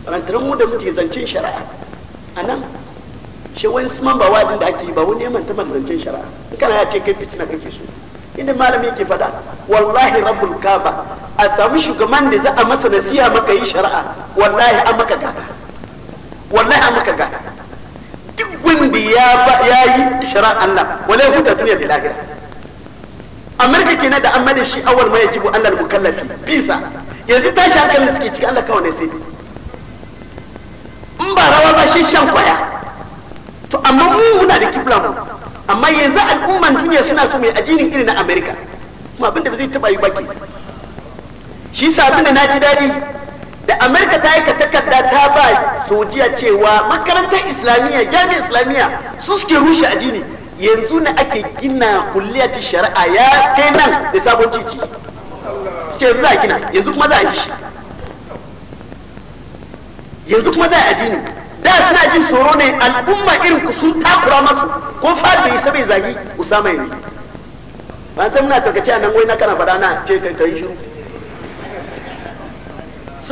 rantaran mu da muke zancen shari'a a nan shi wani suman ba wajin da ake yi ba wani neman ta manzancin shari'a kana ya ce kai fitina kake so inda malami yake faɗa wallahi rabbul kaba a samu shugaban da za a masa nasiha maka yi shari'a wallahi an maka gada wallahi an maka gada duk wanda ya yi shari'a Allah wallahi huta duniya da lahira Amurka kenan da an mada shi awal ma ya yajibu Allah mukallafi bisa yanzu tashi hakan da suke cikin Allah kawai ne sai in ba rawa ba shi shan kwaya to amma mu muna da kibla amma yanzu al'umman duniya suna so mai ajinin irin na america kuma abinda ba zai taba yi baki shi sa abinda na ji daɗi da america ta ka takarda ta ba sojiya cewa makarantar islamiyya jami'a islamiyya su suke rushe ajini yanzu ne ake gina ta shari'a ya kai nan da sabon cici ce za a gina yanzu kuma za a yi shi yanzu kuma za a yi ajini da suna jin tsoro ne al'umma irin ku sun takura masu ko fara bai isa bai zagi usama yi ba san muna tarkace a nan wai na kana fara na ce kai kai shiru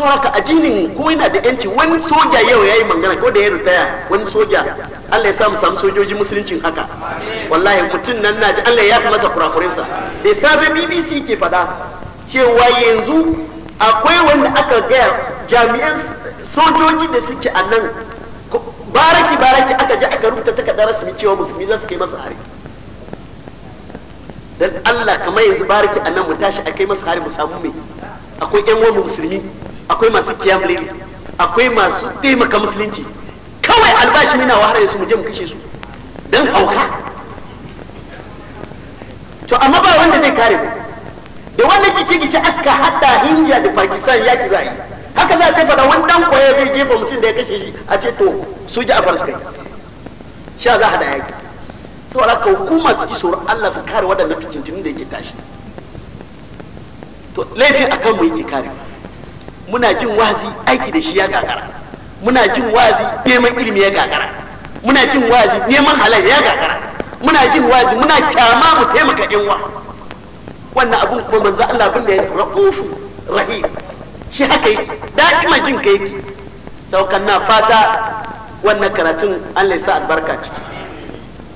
a ajinin ko yana da yanci wani soja yau ya yi magana ko da ya ritaya wani soja Allah ya samu samu sojoji musuluncin haka wallahi mutum nan na ji Allah ya fi masa kurakurinsa da safe BBC ke fada cewa yanzu akwai wanda aka gaya jami'an sojoji da suke a nan baraki baraki aka ji aka rubuta takardar su cewa musulmi za su kai masa hari dan Allah kamar yanzu baraki a nan mu tashi a kai masa hari mu samu mai akwai ƴan uwan musulmi akwai masu kiyam lili akwai masu taimaka musulunci kawai albashi muna wahalar su mu je mu kashe su dan hauka to amma ba wanda zai kare mu da wannan kici kici aka hada hinja da Pakistan yaki za a yi haka za a faɗa wani dan koya zai jefa mutum da ya kashe shi a ce to su ji a bar su kai sha za a da yaki saboda ka hukuma su ji tsoron Allah su kare waɗannan fitintinin da yake tashi to laifin akan mu yake kare muna jin wazi aiki da shi ya gagara muna jin wazi neman ilimi ya gagara muna jin wazi neman halal ya gagara muna jin wazi muna kyama mu taimaka yan wa wannan abun kuma manzo Allah bin da ya rahufu rahim shi haka yi da'ima jin ka yake saukan na fata wannan karatun an laisa sa albarka ciki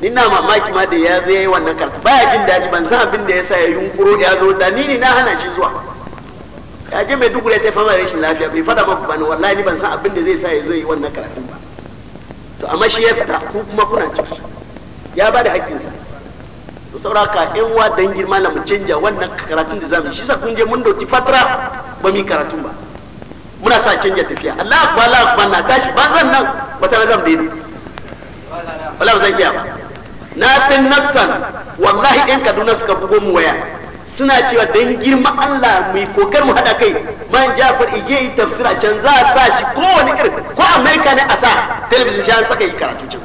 ni na mamaki ma da ya zo yi wannan karatu baya jin daɗi ban san abin da ya sa ya yunkuro ya zo da ni ne na hana shi zuwa ya je mai ya ta fama rashin lafiya bai fada maku bani wallahi ni ban san abin da zai sa ya zo yi wannan karatun ba to amma shi ya fita ku kuma kuna ciki ya ba da hakkinsa to sauraka yan wa dan girma na mu canja wannan karatun da mu shi sa kun je mun doki fatra ba mu karatun ba muna sa canja tafiya Allah akbar Allah akbar na tashi ba zan nan ba ta zan daina wala ba zan iya ba na tin nafsan wallahi ɗan Kaduna suka bugo mu waya suna cewa dan girma Allah mu kokar mu hada kai man Jafar ije yi tafsira can za a sa shi wani irin ko America ne a sa television shi an saka yi karatu can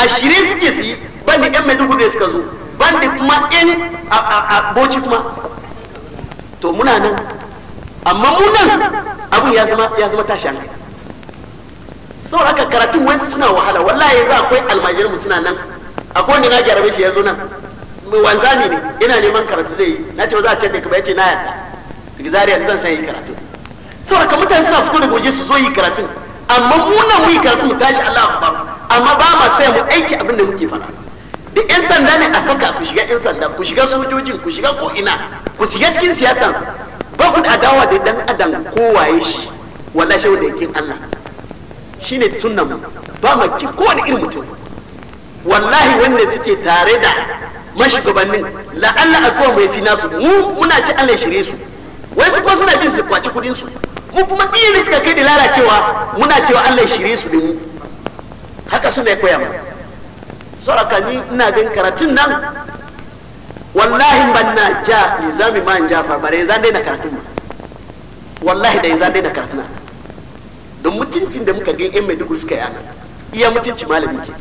ashirin suke su yi ban da ƴan Maiduguri suka zo banda kuma in a boci kuma to muna nan amma mu nan abin ya zama ya zama tashi hankali sau haka karatun wasu suna wahala wallahi yanzu akwai almajirin mu suna nan akwai wanda na gyara shi yanzu nan, nan wanzani ne ina neman karatu zai yi na ce ba za a ce ka ba ya ce na yarda daga zari yanzu zan san yi karatu sau haka mutane suna fito da goje su zo yi karatun amma mu nan mu yi karatu mu tashi Allah akbar amma ba ma sai mu aiki abin da muke fara. duk yan sanda ne a saka ku shiga yan sanda ku shiga sojojin ku shiga ko ina ku shiga cikin siyasan ba ku adawa da dan adam kowaye shi wala shau da yakin Allah shine sunnan mu ba ma ki kowane irin mutum wallahi wanda suke tare da mashugabannin la Allah kowa mai fi nasu mu muna ci Allah shire su wai su ko suna bin su kwaci kudin su mu kuma iya da suka kai da lalacewa muna cewa Allah shire su da mu haka suna koya saraka ni ina gan karatun nan wallahi ban na ja ni zami ja fa bare zan daina karatun ma, wallahi da zan daina karatun don mutuncin da muka ga yan Maiduguri suka yi anan iya mutunci malami ke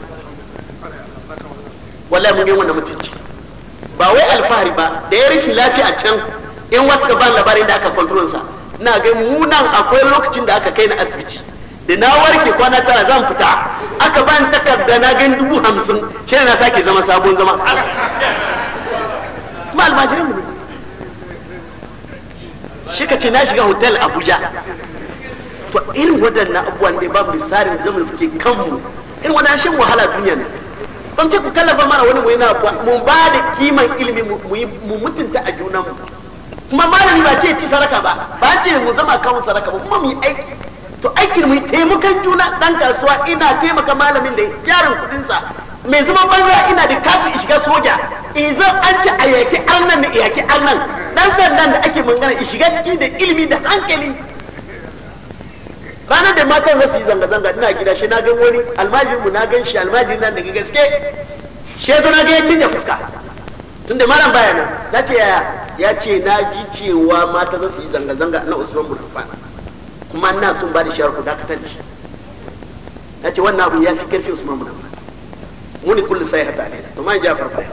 wallahi mun yi wannan mutunci ba wai alfahari ba da ya rishi lafiya a can in wasu ka ba labarin da aka kontrol sa na ga munan akwai lokacin da aka kai na asibiti da na warke kwana tara zan fita aka ban takarda na gan dubu hamsin shi na sake zama sabon zama kuma almajirin mu shi ka ce na shiga hotel abuja to irin waɗannan abubuwan da babu misalin zama ke kanmu irin waɗannan shan wahala duniya ne ban ce ku kallafa mara wani wani na mu ba da kiman ilimi mu mutunta a junanmu kuma malami ba ce ci saraka ba ba ce mu zama kawun saraka ba kuma mu yi aiki to aikin mu taimakon juna dan kasuwa ina taimaka malamin da gyaran kudinsa mai zama banza ina da kafin shiga soja idan an ci a yaki arnan da yaki arnan dan sandan da ake magana shiga ciki da ilimi da hankali ranar da matan za su yi zanga-zanga ina gida shi na gan wani almajirin mu na gan shi almajirin nan daga gaske shi yazo na ga ya canja fuska da malam baya nan na ce yaya ya ce na ji cewa mata za su yi zanga-zanga na usman fana kuma na sun ba da shawar ku dakatar da shi na ce wannan abu ya fi karfi usman mun amma muni kullu sai hata ne to man jafar baya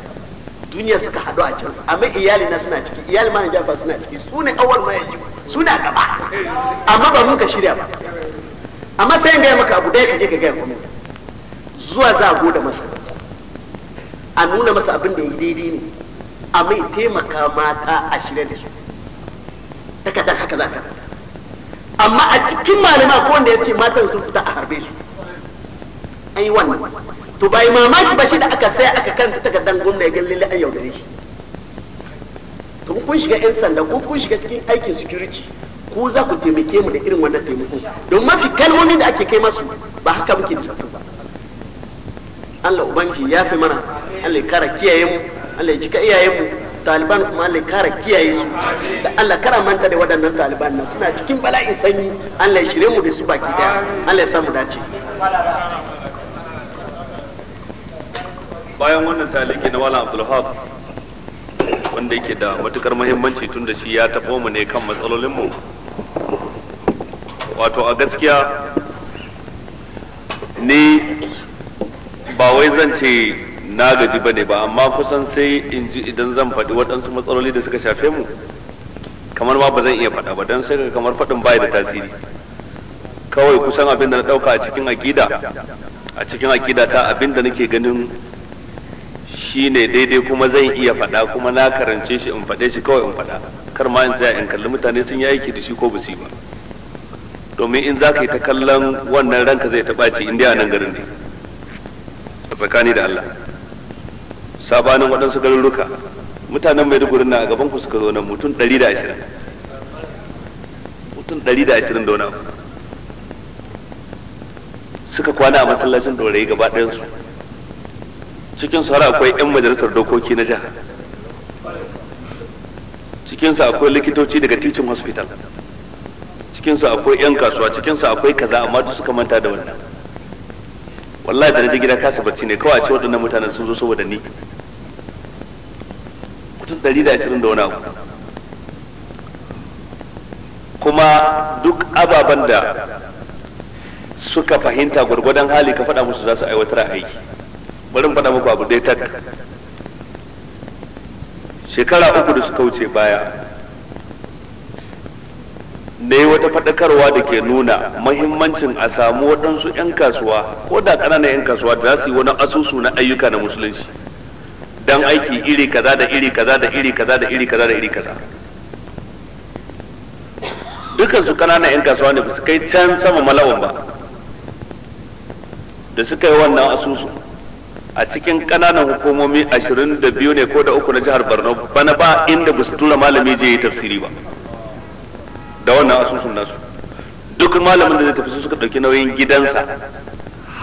duniya suka hadu a can amma iyali na suna ciki iyali man jafar suna ciki su ne awwal ma yaji suna gaba amma ba mun ka shirya ba amma sai ga maka abu dai ka je ka ga kuma zuwa za a goda masa a nuna masa abin da ya yi daidai ne amma taimaka mata a shirya da su takardar haka za ka amma a cikin malama ko wanda ya ce matan sun fita a harbe su an yi wannan to bai mamaki ba shi da aka sai aka kanta takardar gwamna ya gani lalle an yaudare shi to kun shiga yan sanda ko kun shiga cikin aikin security ku za ku taimake mu da irin wannan taimako don mafi kalmomin da ake kai masu ba haka muke da shakku ba Allah ubangi ya fi mana Allah ya kara kiyaye mu Allah ya jika iyayen mu taliban kuma Allah kara kiyaye su da Allah kara manta da waɗannan taliban nan suna cikin bala'in sanyi Allah ya shirye mu da su baki daya Allah ya samu dace bayan wannan taliki na wala Abdul Wahab wanda yake da matukar muhimmanci tun da shi ya tabo mu ne kan matsalolin mu wato a gaskiya ni ba wai zan ce na gaji bane ba amma kusan sai in ji idan zan faɗi waɗansu matsaloli da suka shafe mu kamar ma ba zan iya faɗa ba don sai kamar faɗin baya da tasiri kawai kusan abin da na ɗauka a cikin akida a cikin akida ta abin da nake ganin shi ne daidai kuma zan iya faɗa kuma na karance shi in faɗe shi kawai in faɗa kar ma in tsaya in kalli mutane sun yi aiki da shi ko busi ba domin in za ka yi ta kallon wannan ranka zai taɓa ce in nan garin ne a tsakani da Allah sabanin waɗansu garuruka mutanen maiduguri na a gaban ku suka zo nan mutum 120 mutum 120 da wani suka kwana a masallacin dorayi gaba su cikin su har akwai 'yan majalisar dokoki na jiha cikinsu akwai likitoci daga teaching hospital cikinsu akwai 'yan kasuwa cikinsu akwai kaza amma duk suka manta da wannan wallahi da na ji gida kasa bacci ne kawai a ce waɗannan mutanen sun zo saboda ni mutum ɗari da ashirin da wani abu kuma duk ababen da suka fahimta gwargwadon hali ka faɗa musu za su aiwatar a aiki bari faɗa muku abu ɗaya tak shekara uku da suka wuce baya ne wata faɗakarwa da ke nuna mahimmancin a samu waɗansu 'yan kasuwa ko da ƙananan 'yan kasuwa da za su yi wani asusu na ayyuka na musulunci dan aiki iri kaza da iri kaza da iri kaza da iri kaza da iri kaza dukan su kananan yan kasuwa ne su kai can sama malawan ba da suka yi wannan asusu a cikin kananan hukumomi 22 ne ko da uku na jihar Borno bana ba inda ba su tura malami je yi tafsiri ba da wannan asusun nasu duk malamin da zai tafi su suka dauki nauyin gidansa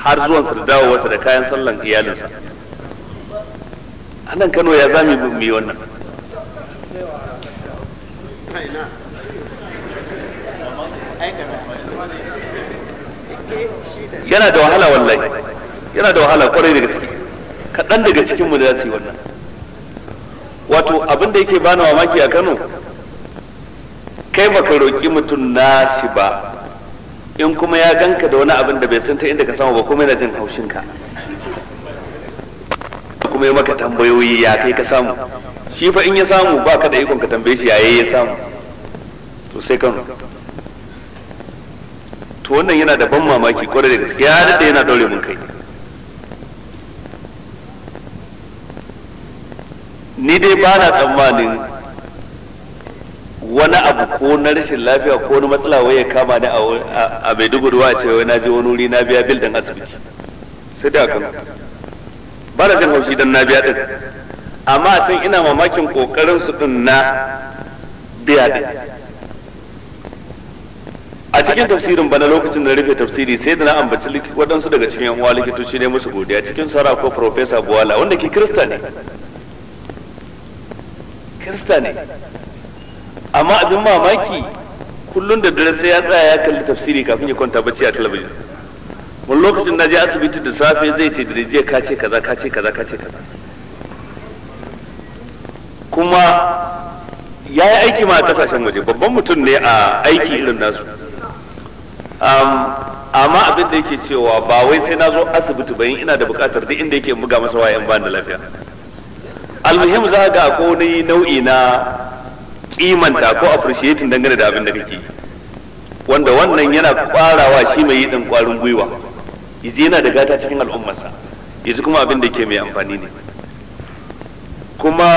har zuwansa da dawowarsa da kayan sallan iyalinsa a nan kano ya zami mu yi wannan yana da wahala wallahi yana da wahala kwarai daga ciki kaɗan daga cikin mu da za su yi wannan wato abin da yake bani mamaki a kano kai baka roƙi mutum shi ba in kuma ya ganka da wani abin da bai san ta inda ka samu ba kuma yana jin haushinka kuma ya maka tambayoyi ya kai ka samu shi fa in ya samu ba ka da ikon ka tambaye shi yayi ya samu to sai kan to wannan yana da ban mamaki kwarai da gaske ya dade yana daure mun kai ni dai ba na tsammanin wani abu ko na rashin lafiya ko wani matsala waye kama ni a Maiduguri wa ce wai na ji wani wuri na biya bil dan asibiti sai da kan ba na jin haushi don na biya din amma a can ina mamakin ƙoƙarin su din na biya din a cikin tafsirin bana lokacin da rufe tafsiri sai da na ambaci waɗansu daga cikin yan uwa likitoci ne musu godiya cikin sara ko professor buwala wanda ke kirista ne kirista ne amma abin mamaki kullum da dare sai ya tsaya ya kalli tafsiri kafin ya kwanta bacci a talabijin wani lokacin na je asibiti da safe zai ce da je ka ce kaza ka kaza ka kaza kuma ya yi aiki ma a kasashen waje babban mutum ne a aiki irin nasu amma abin da yake cewa ba wai sai na zo asibiti ba ina da bukatar duk inda yake buga masa wayan ba da lafiya almuhim za ga ko wani nau'i na kimanta ko appreciating dangane da abin da kake wanda wannan yana kwarawa shi mai yi din kwarin gwiwa yanzu yana da gata cikin al'ummarsa yanzu kuma abin da ke mai amfani ne kuma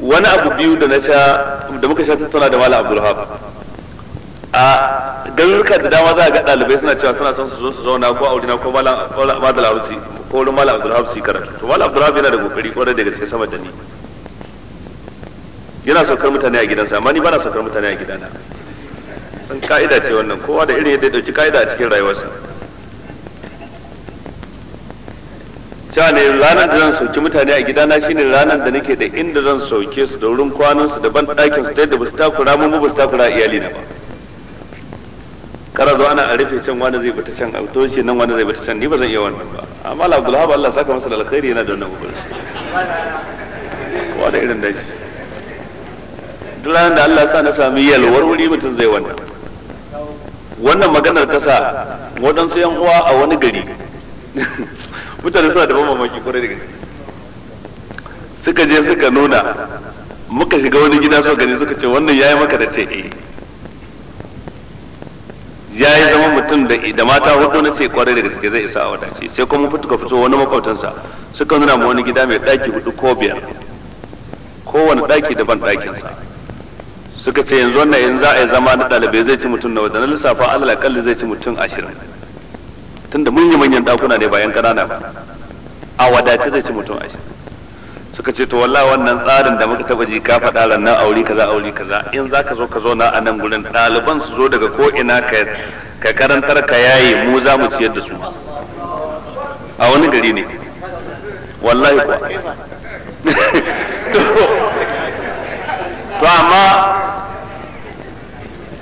wani abu biyu da na sha da muka sha tattauna da malam abdulhab a garurka da dama za a ga ɗalibai suna cewa suna son su zo su zauna ko Audina ko malam madal arusi ko wani malam abdulhab su karatu to malam abdulhab yana da kokari kwarai da gaske sama da ni yana saukar mutane a gidansa amma ni ba na saukar mutane a gidana san ka'ida ce wannan kowa da irin yadda ya ɗauki ka'ida a cikin rayuwarsa cewa ne ranar da zan sauki mutane a gidana shine ranar da nake da inda zan sauke su da wurin kwanan su da ban ɗakin su da ba su takura mun ba su takura iyali na ba kara zo ana a rufe can wani zai fita can a toshe nan wani zai fita can ni ba zan iya wannan ba amma Abdul Hab Allah saka masa alkhairi yana da wannan gurin wani irin da shi duk ranar da Allah sa na sami yalwar wuri mutum zai wannan wannan maganar sa waɗansu yan uwa a wani gari mutane suna da mamaki kwarai da gaske suka je suka nuna muka shiga wani gida suka gani suka ce wannan yayi maka da ce eh ya yi zama mutum da mata hudu na ce kwarai da gaske zai isa a wadace sai kuma fito ka fito wani makwabtansa suka nuna ma wani gida mai daki hudu ko biyar kowane daki daban dakinsa suka ce yanzu wannan in za a yi zama na ɗalibai zai ci mutum na wadda na lissafa alal zai ci mutum ashirin tunda mun yi manyan dakuna ne bayan kanana ba a wadace zai ci mutum ashirin suka ce to wallahi wannan tsarin da muka taba ji ka faɗa rannan aure kaza aure kaza in za ka zo ka zauna a nan gurin ɗaliban su zo daga ko ina ka karantar ka yayi mu za mu ciyar da su a wani gari ne wallahi kuwa to amma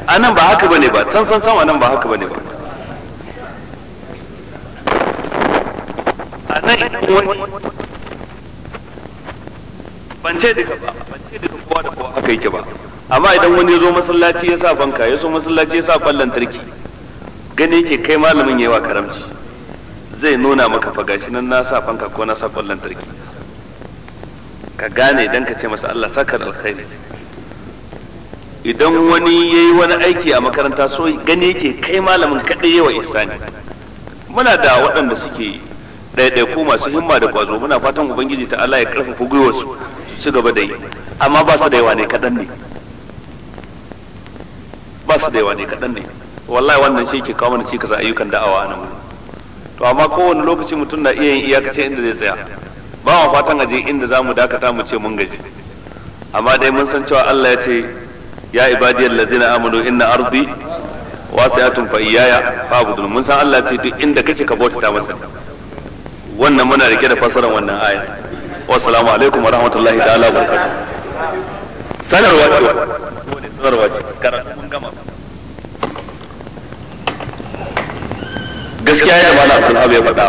anan ba haka bane ba san san san anan ba haka bane ba ba zai wani ban ce duka ba ban ce duka kowa da kowa aka yi ba amma idan wani ya zo masallaci ya sa banka ya zo masallaci ya sa ballan tarki gani yake kai malamin yayi wa karamci zai nuna maka fa gashi nan na sa banka ko na sa ballan tarki ka gane idan ka ce masa Allah saka alkhairi idan wani ya yi wani aiki a makaranta so gani yake kai malamin kadai yawa ihsani muna da waɗanda suke ɗaiɗaiku masu himma da kwazo muna fatan ubangiji ta Allah ya karfafa gwiwar su su gaba da yi amma ba su da yawa ne kaɗan ne ba su da yawa ne kaɗan ne wallahi wannan shi ke kawo mana cikas ayyukan da'awa a nan to amma kowane lokaci mutum na iya yin iyakace inda zai tsaya ba mu fatan aje inda za mu dakata mu ce mun gaji amma dai mun san cewa Allah ya ce ya ibadiyal ladina amanu inna ardi wasi'atun fa iyaya fa abudun mun san Allah ya ce duk inda kake ka bauta ta masa wannan muna rike da fasaran wannan aya wassalamu alaikum wa rahmatullahi ta'ala wa sanarwa ce wani sanarwa ce karatu mun gama gaskiya ya na abdul abu ya faɗa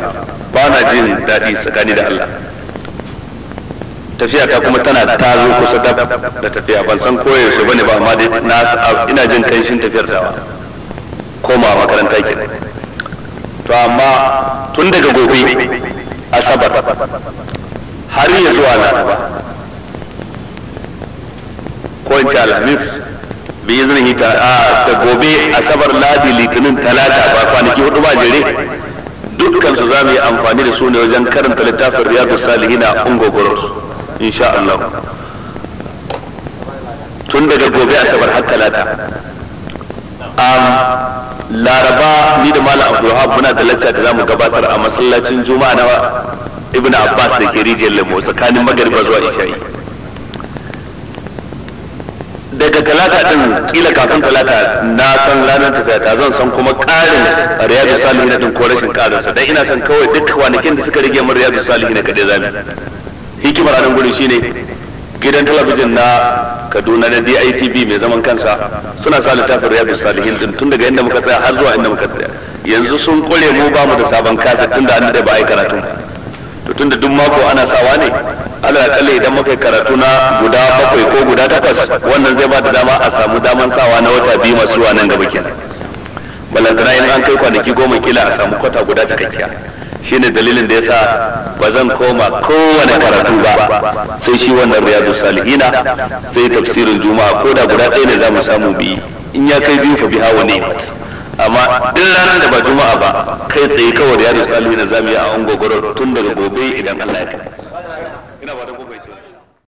ba na jin daɗi tsakani da Allah tafiya ta kuma tana ta zo kusa da da tafiya ban san koyaushe bane ba amma dai na ina jin kanshin tafiyar tawa koma makaranta ke. to amma tun daga gobe asabar har ya zuwa ba ko in ce alhamis bi izinin ta a gobe asabar ladi litinin talata ba kwanaki hudu ba jere dukkan su za mu yi amfani da su ne wajen karanta littafin riyadu salihina ungogoros insha Allah tun daga gobe asabar har talata laraba ni da malam abdulhab muna da lacca da zamu gabatar a masallacin juma'a na ibnu abbas da ke rijiyar lemo tsakanin magariba zuwa isha'i daga talata din kila kafin talata na san ranar ta zan san kuma karin riyadu salihin din ko rashin karin sa dan ina san kawai duk kwanakin da suka rige min riyadu salihin kadai zamu hikimar anan gurin shine gidan talabijin na kaduna na ditv mai zaman kansa suna sa littafin riyadu salihin din tun daga inda muka tsaya har zuwa inda muka tsaya yanzu sun kure mu bamu da sabon kasa tun da an da ba a yi karatu to tun da duk mako ana sawa ne ala kalle idan muka yi karatu na guda bakwai ko guda takwas wannan zai ba da dama a samu daman sawa na wata biyu masu zuwa nan gaba kenan balantana in an kai kwanaki goma kila a samu kwata guda cikakkiya shine dalilin da ya sa ba zan koma kowane karatu ba sai shi wannan riyadu salihina sai tafsirin juma'a ko da guda ɗaya ne za mu samu biyu in ya kai biyu ka bi hawa ne, amma duk ranar da ba juma'a ba kai tsaye kawai riyadu salihina za mu yi a ungogoro tun daga gobe idan Allah ya